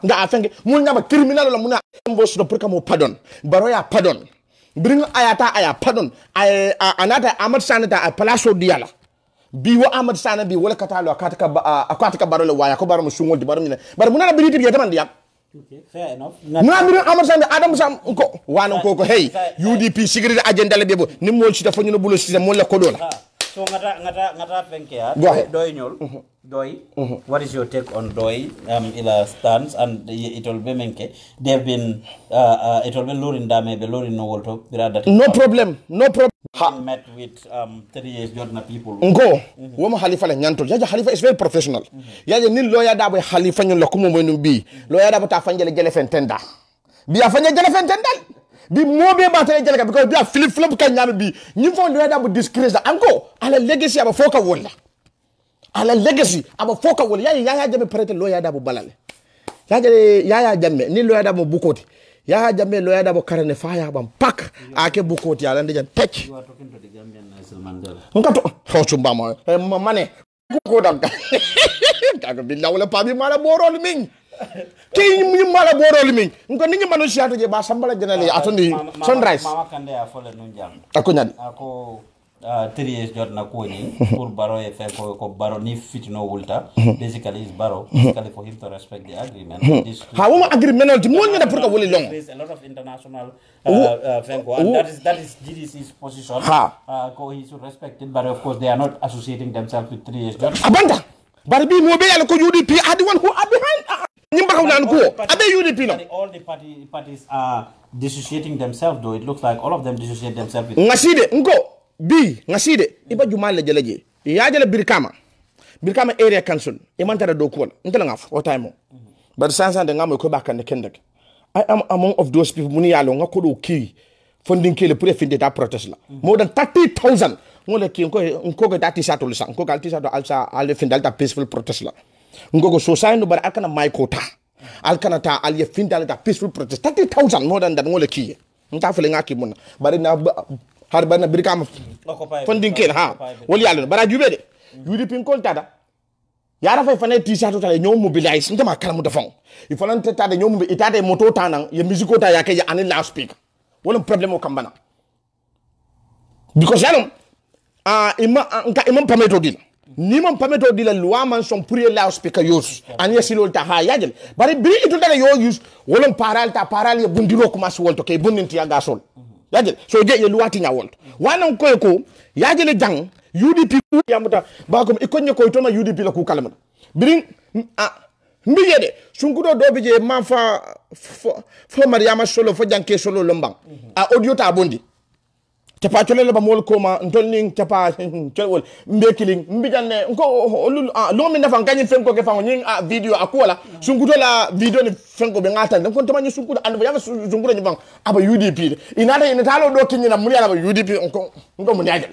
nda afenge mun nyaba criminal lo muna mbo so pour ka mo pardon baro ya pardon bring ayata aya pardon ay anata amad sanata a palaso diala bi wo amad sana bi wala katalo akatika akatika barolo waya ko barum sungo di barum ne bar munana bi ti yataman diam okay fair enough muna bi amad sana adam sam ko wanan ko ko hey udp sigrid agenda le bebo ni mo ci ta fanyu bulo ci mo la ko dola so ngata ngata ngata penkeya doy nyol mhm. doy mhm. what is your take on doy um ila stance and it will be menke they've been uh, uh, it will be lurin dame be lurin no wolto birada no problem no problem ha met with um 3 years jodna people ngo mhm. woma khalifa la nyantol jaja khalifa is very professional nil ni loya da boy khalifa nyol la ko mo moy num bi loya da ta fanjele jele fen tenda bi afanya jele fen tendal bi mo bee b'a tɛgɛ jalaka because dia flip flop ka ɲaami bi ɲin fon nin da bu disgrace da anko ala legacy aba foka fɔ ala legacy aba foka fɔ ka wuli yaayi yaya jɛmɛ pɛrɛtɛ lɔya da bu balale jale le yaya jame ni lo lɔya da bu buko ti jame lo lɔya da bu karane fa y'a ban pak ake kɛ buko ti ala ndijɛ tɛc nka to hɔsu ba ma ɛ ko ko dam ka ka bi lawale pa bi mala borol min te ni mala boroli min ko ni manu shiata je ba sambala jenali atondi sunrise mama kande a ya fole nun jam ako nyadi ako Uh, three years jot na kuni pour baro e fe ko ko baro ni fitino wulta mhm. basically is baro mhm. basically for him to respect the agreement mhm. ha ha ma agreement ti mon ngada pour ka wuli long there's a lot of international uh, uh, fenko and that is that is GDC's position ha uh, ko he should respect it but of course they are not associating themselves with three years jot abanda barbi mo be ala ko UDP pi adi one who abi behind Nimbakaw Nanguo. Are they UDP now? All the party, parties are dissociating themselves, though. It looks like all of them dissociate themselves. Ngaside, Ngo, B, Ngaside, Iba Juma ya Yajala Birkama. Birkama Area Council. Imantara Dokuan. Ntelangaf, Otaimo. But Sansan, the Ngamo Quebec and bakane kende I am among of those people, muni Munialo, do Ki, funding Kele Prefinde that protest. More than 30,000. Ngole Ki, Nko, Nko, Tati Satulisa, Nko, Tati Satulisa, Alsa, Alfindalta Peaceful Protest ngogo society no bara alkana mai kota alkana ta alye finda ta peaceful protest 30000 more than that ngole kiye nta fele ngaki mun bare na har bare na birkam funding ken ha wali yalla bara jube de mm. yudi pin kol tada yara fay fane t-shirt to tale ñoom mobilize ndama kala mu defon il faut lan tata de ñoom ita de moto tanan ye musico ta yake ya ani la speak wala problem o kambana because yanum ah ima nka imam pameto dil nimon pameto dila loi man son pour loudspeaker use anya silol ta ha yajel bari biri itu dala yo use wolon paral ta paral ye bundiro kuma su wolto ke bundinti ya gasol yajel so je ye luwati nya wolto wanan ko ko yajel jang UDP yamuta ba ko ikonye ko to la ku kalama biri a mbiye de sunkudo do bije man fa fo mariama solo fo janke solo lombang a audio ta bondi capa colele ba mol koma ntolni capa colwol mbe kiling mbi janne nko olu ah, lo min nafa ngani fen ko ke fango nyin a ah, video akola sunguto la video ni fen ko be ngata nko to manyi sunguto andu ya sunguto ni bang aba UDP inata ina talo do kinyi na muri ala ba UDP nko nko mun yaje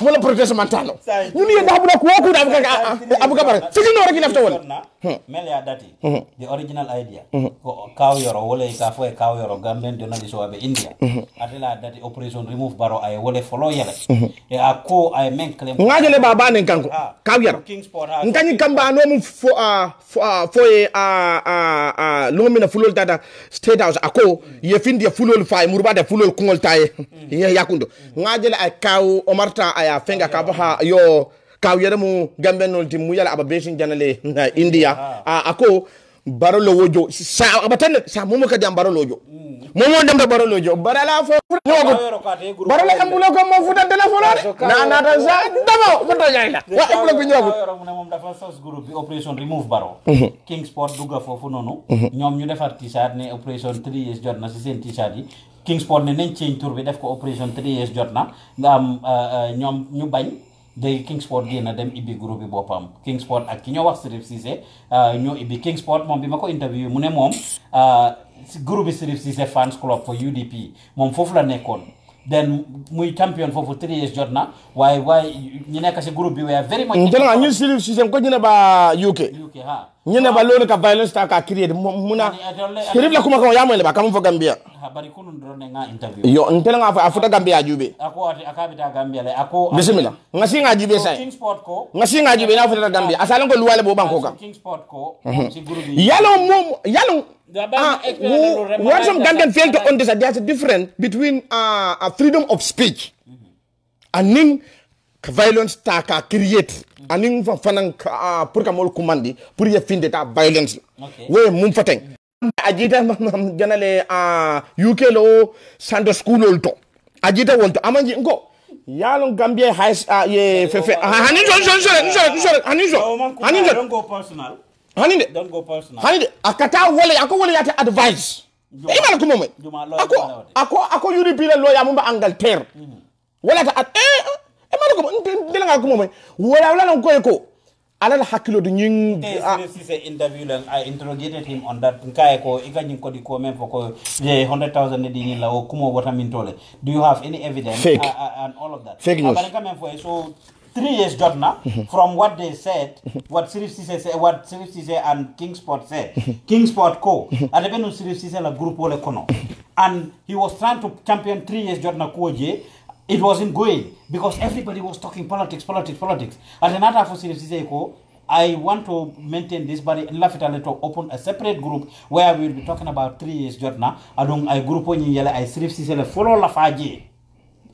wala protestantal ñun ye da bula ko ko da abuka bare sigi no rek nafta wala mel ya dati hmm. the original idea hmm. ko kaw yoro wala ka fo kaw yoro gamben de nali so abe india hmm. atela dati operation remove baro ay wala follow yele e a ko ay men claim ngajele baba nen kanko kaw yoro ngani kamba no mu fo a ah, fo ah, e a ah, a a lo mina fulol dada state house ako ye findi fulol fay murba de fulol kungol taye ye yakundo ngajele ay kaw omar warta aya fenga ka ha yo ka mu gambe no dimu yala aba janale india a ah, ako barolo wojo sa abatan sa momo ka dam barolo wojo momo dam da barolo wojo barala fo barala barala ambulo ko mo futa dela fo na na da za damo mo to jayla wa ambulo bi ñogu mom da fa sos group bi operation remove baro mhm. king sport duga fofu nonu mhm. ñom ñu defar t-shirt ne operation 3 years jot na ci sen t-shirt yi Kingsport ne nañ change tour bi def ko operation three years jot na nga am euh, euh, ñoom ñu bañ léegi Kingsport génn dem ibbi groupe bi boppam Kingsport ak ki ñoo wax Sirif Cissé euh, ñoo ibbi Kingsport moom bi ma ko interview mu ne moom groupe bi Sirif Cissé fans club for UDP moom foofu la nekkoon then muy champion foofu three years jot na waaye waaye ñu nekk si groupe bi waaye very much. Mm, ñu Sirif Cissé ko ñu ne ba UK. UK ah. ñene ba lolu ka violence ta ka créer muna sirif la kuma kan ya mai ba kam fo gambia habari kunun do ne nga interview yo ntel nga fa afuta gambia jube ako ati akabi ta gambia le ako bismillah nga singa jube sai king sport ko nga singa jube na afuta gambia asalan ko luwale bo ban ko kam king sport ko si group yalo mum yalo ah, what some gambian fail to understand there's a difference between uh, a freedom of speech -hmm. and violence ta ka create anin fanan ka ah, pour ka mol commande pour ye finde ta violence we mum faten ajita janale a ah, uk lo sando school ol to ajita wonto amanji ngo yalon gambia high ah, ye eh, fefe hanin so so so so so hanin so eh, hanin so don't go personal hanin de don't go personal hanin de akata wala akko wala yata advice imala ko momet ako ako ako yuri bila lo ya mumba angleterre mm-hmm. wala ta eh, eh e ma ne e ko n deli kuma mɛ wala wala nin ko alal ko ala la hakkilo do ñing eh, interview lan i interrogated him on that nkaye ko i gañin kodi ko même fo ko je 100000 ne dingin la o wata watamin tole do you have any evidence Fake. Uh, uh, and all of that Fake news. abane quand fo e, so three years jotna from what they said what Sirif Sise said what Sirif Sise and Kingsport said Kingsport ko adebenu Sirif Sise la groupe ole kono and he was trying to champion three years jotna ko je it wasn't going because everybody was talking politics, politics, politics. At another afosirizizeiko, I want to maintain this, but it a to open a separate group where we will be talking about three years jotna. Along I group on yele I strip sisele follow Lafaji.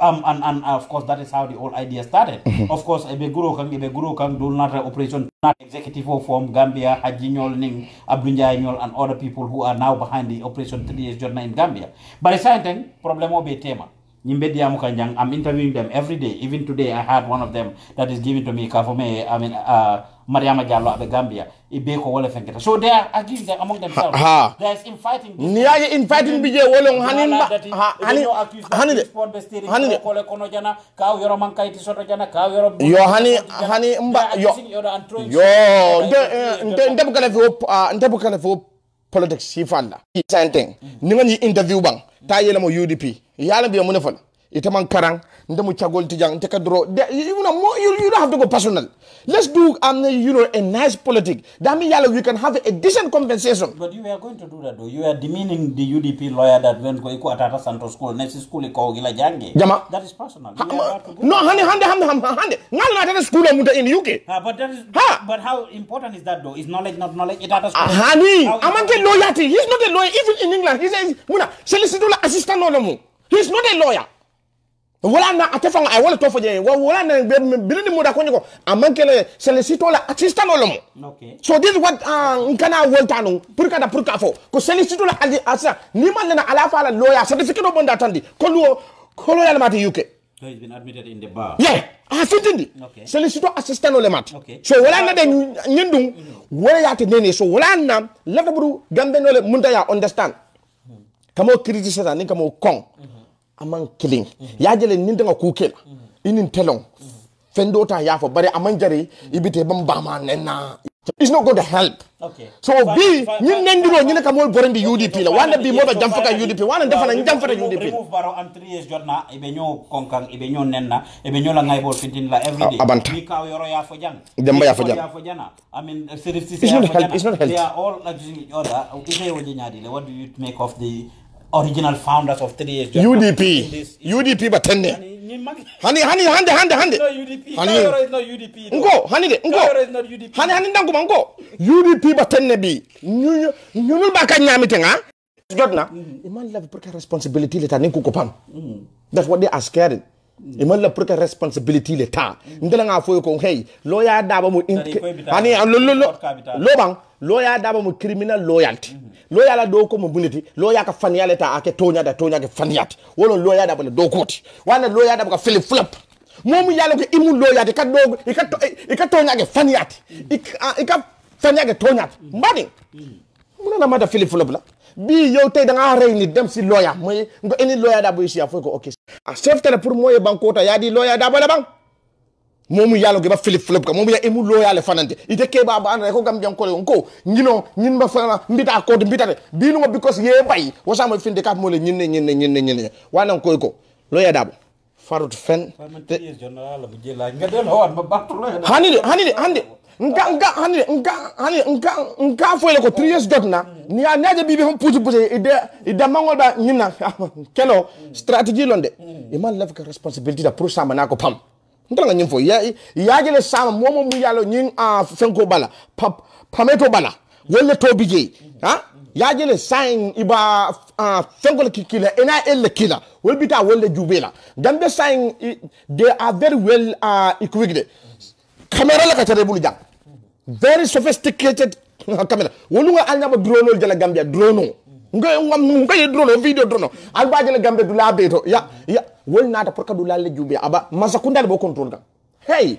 Um, and, and uh, of course, that is how the whole idea started. Mm-hmm. of course, a Guru Kang, Ebe Guru can do not operation, not executive from Gambia, Hajinyol Ning, Abdunjayanyol, and other people who are now behind the operation three years journey in Gambia. But same thing, problem will be tema. Nyimbe njang I'm interviewing them every day. Even today, I had one of them that is given to me, Kafume, I mean, uh, Mariama Jallo at the Gambia. Ibeko Wale Fenketa. So they are arguing them among themselves. Ha, ha. There's infighting. Niyaye infighting bije wolong hanin ba. Hanin hanin hanin kole kono jana kau yoro mankai tisoto jana kau yoro Yo hani hani mba yo. Yo, nte nte bukale fi nte bukale fi politics shi falla sante ninga ni interview bang ta yela mo UDP yala bi mo ne fal ita man karang ndamu chagol tijang te kadro you know more you, you don't have to go personal Let's do, um, you know, a nice politic. That means you can have a decent compensation. But you are going to do that, though. You are demeaning the UDP lawyer that went to Atata Santos School, next school, Gila Jange. Jama. That is personal. Ha, ma, no, honey, honey, honey, honey, honey. Not at a school in the UK. Ha, but, that is, ha. but how important is that, though? Is knowledge not knowledge? It at a school. Ah, honey, I'm not a lawyer. He's not a lawyer. Even in England, he says, Muna, solicitor assistant, no, no, He's not a lawyer. wala na ate fanga ay wala to fo je wa wala na be bin ni moda ko nyiko amankele c'est le la assistant lo lomo okay so this what uh, ah, nkana wolta no pour kada pour ka fo ko c'est le site la assistant ni man na ala fa la loya certificate do bonda tandi ko lo ko lo yalma te uk so he's been admitted in the bar yeah asitindi okay. c'est le site assistant lo mat okay. so wala na de nyindum wala ya te nene so wala na la buru gambe no le munda ya understand kamo critique ni kamo kong mm -hmm. aman man kelen ya jɛlen nin danga k'u kɛ i ni tɛlɛn fɛn dɔ ta y'a fɔ bari a jari i bɛ taa i bɛ ban not going to help so bi ñin nendiro ñine ne ka mol borandi UDP la wala bi mo ba jam faka UDP wala defa na jam fata UDP remove baro antriye jorna e be abanta mi kaw yoro ya fo jang demba ya fo original founders of 3H. UDP. This, UDP batende. t h o n e y h o n e y hande hande hande. y No UDP. h o n e i k a y o n e y h o n is not n UDP. Nko there You y h a n y o de nko. you Kayoro y is n o y o UDP. Hani hani you ndangu y mango. UDP b o t e n o d e bi. Nyunyu nyunyu o baka n y o n a m o tenga. Jodna. Iman l o n e break n e s p o n o s i b i l i t y o leta ninku you you o k u o a m t h a n s what they o r e scared. la prota responsibility le ta ndela nga foyo ko hey lo ya daba mu ani lo lo lo bang lo ya daba mu criminal loyalty mhm. lo ya la do ko mu buniti lo ya ka fanya le ta ake tonya da tonya ke fanyat wolo lo ya daba le do koti wana lo ya daba ka flip flop momu yalo ke imu lo ya de ka do ka ka tonya ke fanyat ka fanya ke tonya mbadi mm. muna na mata flip flop la bii yow tey da rey nit dem si lawyer mooy nga indi lawyer daa boy si afo ko ok a chef tele pour moye bankota yaadi lawyer daa bala bang momu yalo ba philip philip ka momu ya emu lawyer le fanante ite ke ba ba an ko gam jang ko le ko ngino nyin ba fana mbita ko mbita bi no because ye bay wasa mo finde kap mo le nyin nyin nyin nyin koy ko lawyer daa farut fen hani hani hani nka nka hani nka hani nka nka foyle ko three years dot na ni ya nyaje bibi hon puti puti ide ide mango da nyina kelo strategy londe e man love ka responsibility da pour sama na ko pam ntanga nyimfo ya ya gele sama mo mo yalo nyin a fenko bala pap pameto bala wolle to bije ha ya gele sign iba fenko kila ina elle kila e wol bita wolle jubela gambe sign they are very well uh, equipped camera la ka tare bulu jang very sophisticated kamera wolu nga alnyaba drono jala gambia drono nga ngam nga ye drono video drono alba jala gambia dula beto ya ya wol nata pour kadu lalle jumbe aba masakundal bo control gam hey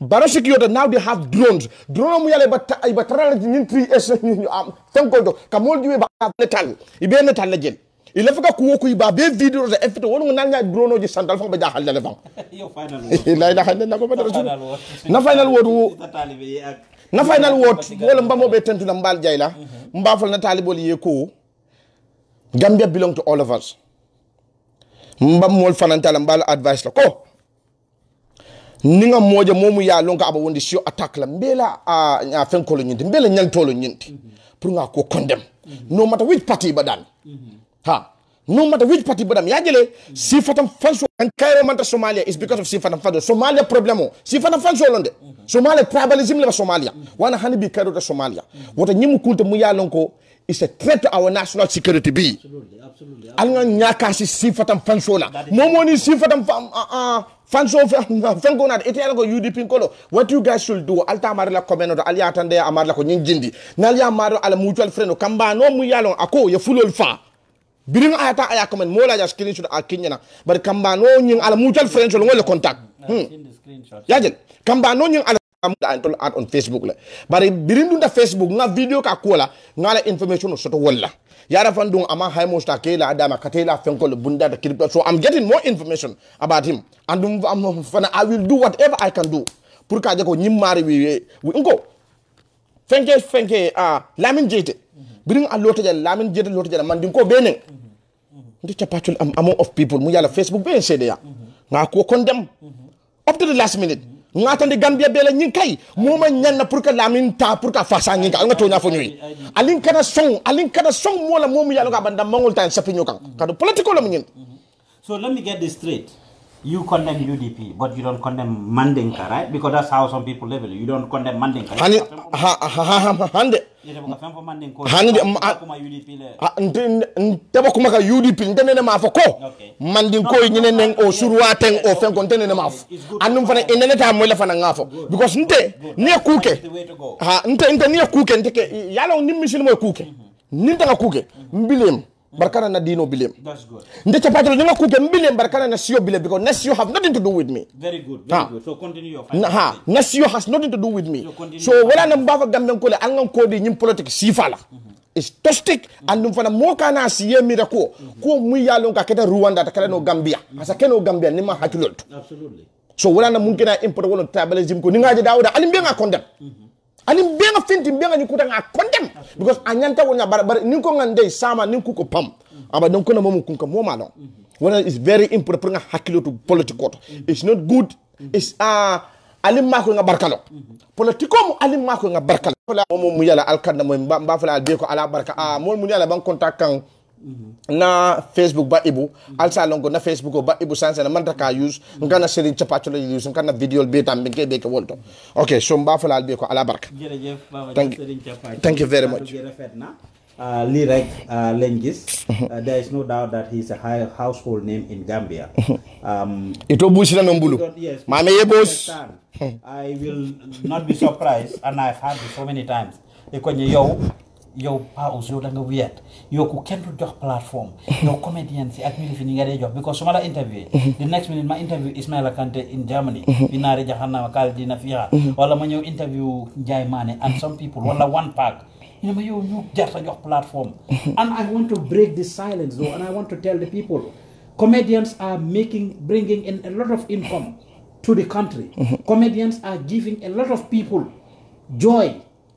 barashik yoda now they have drones drone mu yale bat ay batarala ni 3s ni am tanko do kamol jube ba netal ibe netal la jël ilafika kuwokuiba be video za efito wolu ngal nya drono ji sandal fa ba jahal dale bang yo final word la ilaha illa allah ba rasul na final word wo na final word wala mbamo be tentu na mbal jayla mbafal mhm. na talibol ye ko gambia belong to all of us mbam fananta la mbal advice la ko ninga moja momu ya lonka aba wondi sio attack la mbela a uh, fen kolo nyinti mbela nyal mhm. nga ko condemn no matter which party Ha. No matter which party but bada miyajele, sifatam fanso and Cairo manta Somalia is because of sifatam fanso. Somalia problemo. Sifatam fanso londe. Somalia tribalism leva Somalia. Wana hani bi Cairo da Somalia. Wata nyimu kulte muya lonko is a threat to our national security bi. Alga nyaka si sifatam fanso la. Momo ni sifatam ah, ah, fanso fenko na ite yalo UDP kolo. What you guys should do alta marla komeno da alia amarla ko nyinjindi. Nalia maro ala mutual friend kamba no muya lon ako ye fulol fa. birin aya aya comment mola ja screenshot a kinyana bar kamba no nyin ala mutual friends lo ngole contact hmm yajel kamba no nyin ala amuda antol at on facebook la bari birin dunda facebook nga video ka kola ngala information soto walla yara fan dun ama hay mo sta kela adama katela fenkol bunda da crypto so i'm getting more information about him and um, um, um fana i will do whatever i can do pour ka je ko nyimmari wi ngo fenke fenke ah uh, lamin jete birin allota jala lamin am among of people mu yala facebook ben sede ya nga ko up to the last minute ngatande gambia bela ñin kay moma ñanna pour que lamin ta pour que fasa nga toña fo ñuy alin kana song alin kana song mola momu yalla ga banda mangol tan sapi ñokan kadu political lam ñin so let me get this straight you condemn UDP, but you don't condemn Mandinka, right? Because that's how some people live. It. You don't condemn Mandinka. Hani, ha, ha, ha, ha, hande. hande nteba kuma ka udp ntene ne mafo ko mandin ko nyine nen o surwa ten o fen ko ntene ne mafo anum fana enene ta mo fana ngafo because nte ne kuke ha nte nte ne kuke nte ke yalo nim misil mo kuke nin ta kuke mbilem barkana na dino bilim that's good ndete patro ninga kuke mbilim barkana na siyo bilim because nasio have nothing to do with me very good very ha. good so continue your na ha nasio has nothing to do with me so, so wala na mbava gamben kole angan kodi nyim politik sifala mm -hmm. is toxic mm -hmm. and mm-hmm. fana moka na siye mira ko mm -hmm. ko mu ka kete Rwanda takala no Gambia mm -hmm. asa keno Gambia ni ma hakilot absolutely so wala na mun kena import wono tribalism ko ninga je dawda alimbe nga condemn mm -hmm. anin benga fintin benga ni kuta nga condemn because anyanta wona bara bara nin ko ngande sama nin ko pam aba don ko na mom kun ko mom alon wona is very important nga hakilo to political it's not good it's a ah, alim mako nga barkalo politiko mo alim mako nga barkalo mo mo yala alkanda mo mba fala albe ko ala barka a ah, mo mo yala ban contact kan Mm-hmm. na facebook ba ibu mm-hmm. alsa longo na facebook ba ibu na ka use mm-hmm. use video be tam be be okay so mba be ko ala barka thank you very much ah, rek ah, ah, there is no doubt that he is a high household name in Gambia um, ito buusina I will not be surprised and I've heard this so many times iko yow Pa Ous yow da nga wéet yow ku kenn du jox plateforme yow comédien si ak milifi ni nga dee jox because su ma la interview the next minute ma interview Ismaila Kante in Germany fi naari jaxannama kaal dina fiixa mhm. wala ma ñëw interview Njaay Maane and some people wala one pack you know, you, you just your platform. and I want to break the silence though, and I want to tell the people, comedians are making, bringing in a lot of income to the country. Comedians are giving a lot of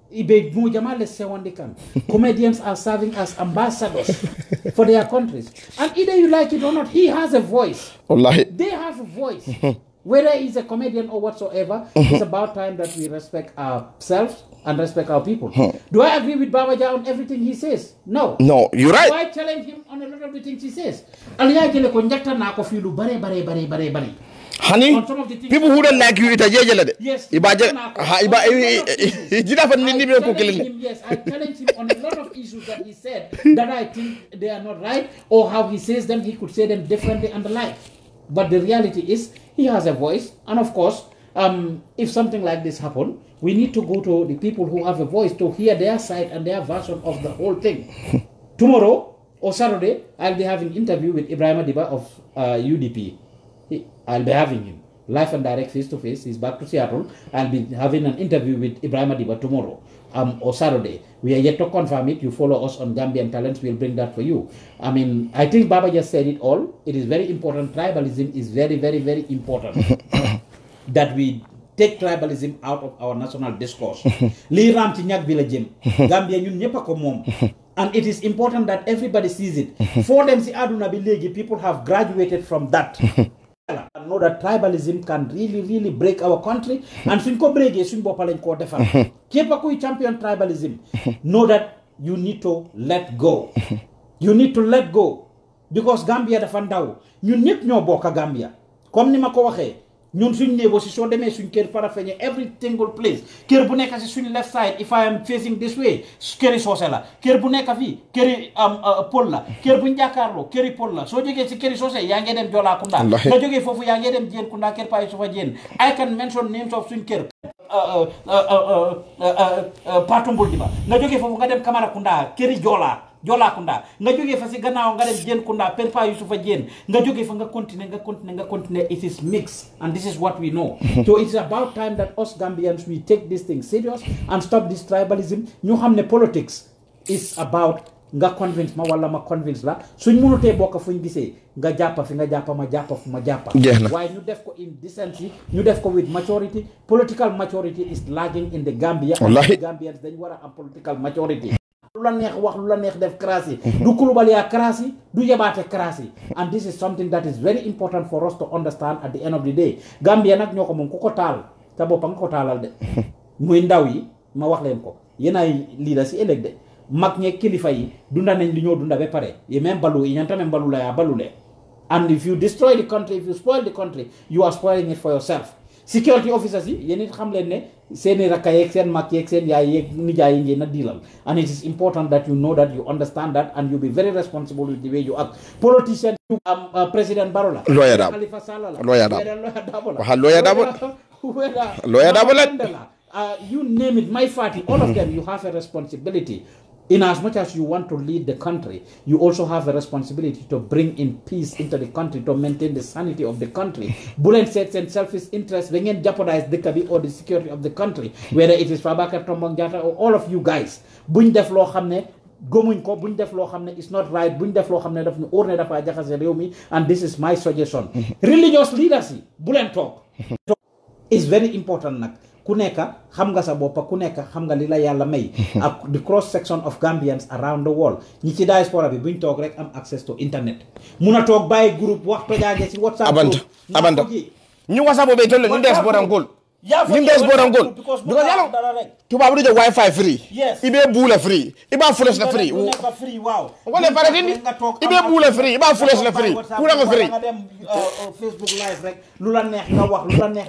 Comedians are serving as ambassadors for their countries. And either you like it or not, he has a voice. They have a voice. Whether he's a comedian or whatsoever, it's about time that we respect ourselves and respect our people. Do I agree with Baba Babaja on everything he says? No. No, you're right. Do I challenge him on a lot of the things he says? na kofilu Honey, people who don't like you, it's a Yes. Iba je, ha, iba, Yes, I challenge him on a lot of issues that he said that I think they are not right or how he says them, he could say them differently and the like. But the reality is, he has a voice, and of course, um, if something like this happen, we need to go to the people who have a voice to hear their side and their version of the whole thing. Tomorrow or Saturday, I'll be having interview with Ibrahim Adiba of uh, UDP. I'll be having him live and direct face to face. He's back to Seattle. I'll be having an interview with Ibrahim Adiba tomorrow um, or Saturday. We are yet to confirm it. You follow us on Gambian Talents. We'll bring that for you. I mean, I think Baba just said it all. It is very important. Tribalism is very, very, very important that we take tribalism out of our national discourse. Gambia And it is important that everybody sees it. For them si people have graduated from that. know that tribalism can really really break our country and suñ ko breakee suñ boppa lañ koo defal képp kuy champion tribalism know that you need to let go you need to let go because Gambia dafa ndaw ñun ñëpp ñoo bokk Gambia comme ni ma ko waxee ñun suñ néegoo si soo demee suñ kër Farafenni every single place kër bu nekk si suñ left side if I am facing this way këri soose la kër bu nekk fii këri pël la kër buñ jàkkaarloo këri pël la soo jógee si kër soose yaa ngi dem Joolakunda soo jógee foofu yaa ngi dem Jeen Kunda kër Paa Yusufa Jeen I can mention names of suñ kër Patumbul nga jógee foofu nga dem Kamarakunda këri Joola Joolakunda nga jóge fa si gannaaw nga dem Jeen Kunda Père Pa Yusufa Jeen nga jógee fa nga continuer nga continuer nga continuer it is mixed and this is what we know so it is about time that us Gambians we take this thing serious and stop this tribalism ñu xam ne politics is about nga convince ma wala ma convince la suñ mënutee bokk fuñ gisee nga jàppa fi nga jàppa ma jàppa fu ma jàppa waaye ñu def ko in decency ñu def ko with maturity political maturity is lagging in the Gambia Gambians dañ war a am political maturity lu la neex wax lu la neex def crassy mhm. du kulubal yaa crassy du yebaate crassy mhm. and this is something that is very important for us to understand at the end of the day Gambia nag ñoo ko moom ku ko taal sa boppa nga ko taalal de mhm. muy ndaw yi ma wax leen ko yéen lii leader si ëllëg de mag ñe kilifa yi dunda nañ li ñoo dunda ba pare ye même balu yi ñan tamit balu la yaa balu le and if you destroy the country if you spoil the country you are spoiling security officers yi yéen it xam leen ne seen i rakka yeeg seen mag yeeg seen yaay yeeg nijaay yi ngeen a diilal and it is important that you know that you understand that and you be very responsible with the way you act politician you am um, uh, president Barrow la lawyer Darboe Halifa Sallah la lawyer Darboe waxa lawyer Darboe lawyer Darboe la uh, you name it my party all of them you have a responsibility in as much as you want to lead the country, you also have a responsibility to bring in peace into the country, to maintain the sanity of the country. Bullet sets and selfish interests they can jeopardize dëkk or the security of the country, whether it is Fabakar Tombong Mangata or all of you guys. Buñ the floor, Hamne. gëmuñ ko buñ def loo xam it's not right buñ the floor, Hamne. Or daf and this is my suggestion religious leadership, bull and talk, is very important ku nekk xam nga sa bopp ku nekk xam nga li la yàlla may ak the cross section of Gambians around the world ñi ci diaspora bi buñ toog rek am access to internet mun a toog bàyyi groupe wax tojaage si whatsapp abanta abanta ñu whatsapp boobu itol ñu des borangol ñu des borangol because yàlla tubaab du jox wifi free ibe buula free la free waaw wala pare dindi la free ku free nga dem uh, uh, lu la neex nga wax lu la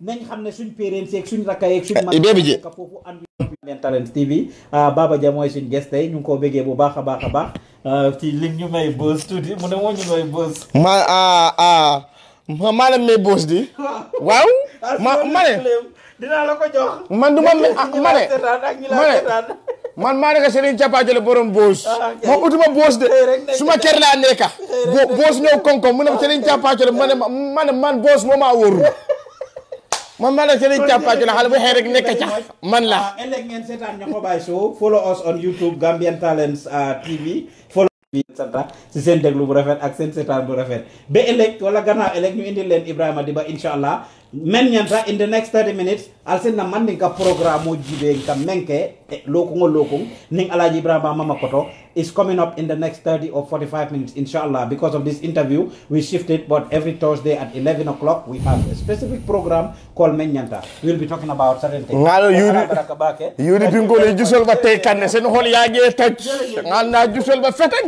nañ xam ne suñ péréen seeg suñ rakka yeeg suñ maaka eh, foofu and leen talent tv ñu ngi koo bëggee bu baax a baax a baax ah, ci li ñu may bës tuuti mu ne moo ñu may bës ma ah, ah, a a maa leen may bës di waaw ma ma ne la ko jox man du ma ma ne man maa nekk Serigne Capacole borom boos moom utuma boos de suma kër laa nekka boos ñëw koŋ-koŋ mu ne Serigne Capacole ma ne man boos moo a wóorul moom maa la Serigne Thiapathioune la xale bu xëy rek nekk ca man la ah, ëllëg ngeen seetaan ñoo ko bàyyi show follow us on YouTube Gambian Talents ah, TV follow santa ah, si seen déglu bu rafet ak seen seetaan bu rafet ba ëllëg wala gannaaw ëllëg ñu indil leen Ibrahima di Diba insha allah men in the next 30 minutes al sinna man ninka programme o jibe nka menke lokung lokung ning alaji Ibrahim mama koto is coming up in the next 30 or 45 minutes inshallah because of this interview we shifted but every thursday at 11 o'clock we have a specific program called men nyanta we'll be talking about certain things ngalo yudi yudi bingole jusol ba tay kanne sen hol yaage taj ngal na jusol ba feten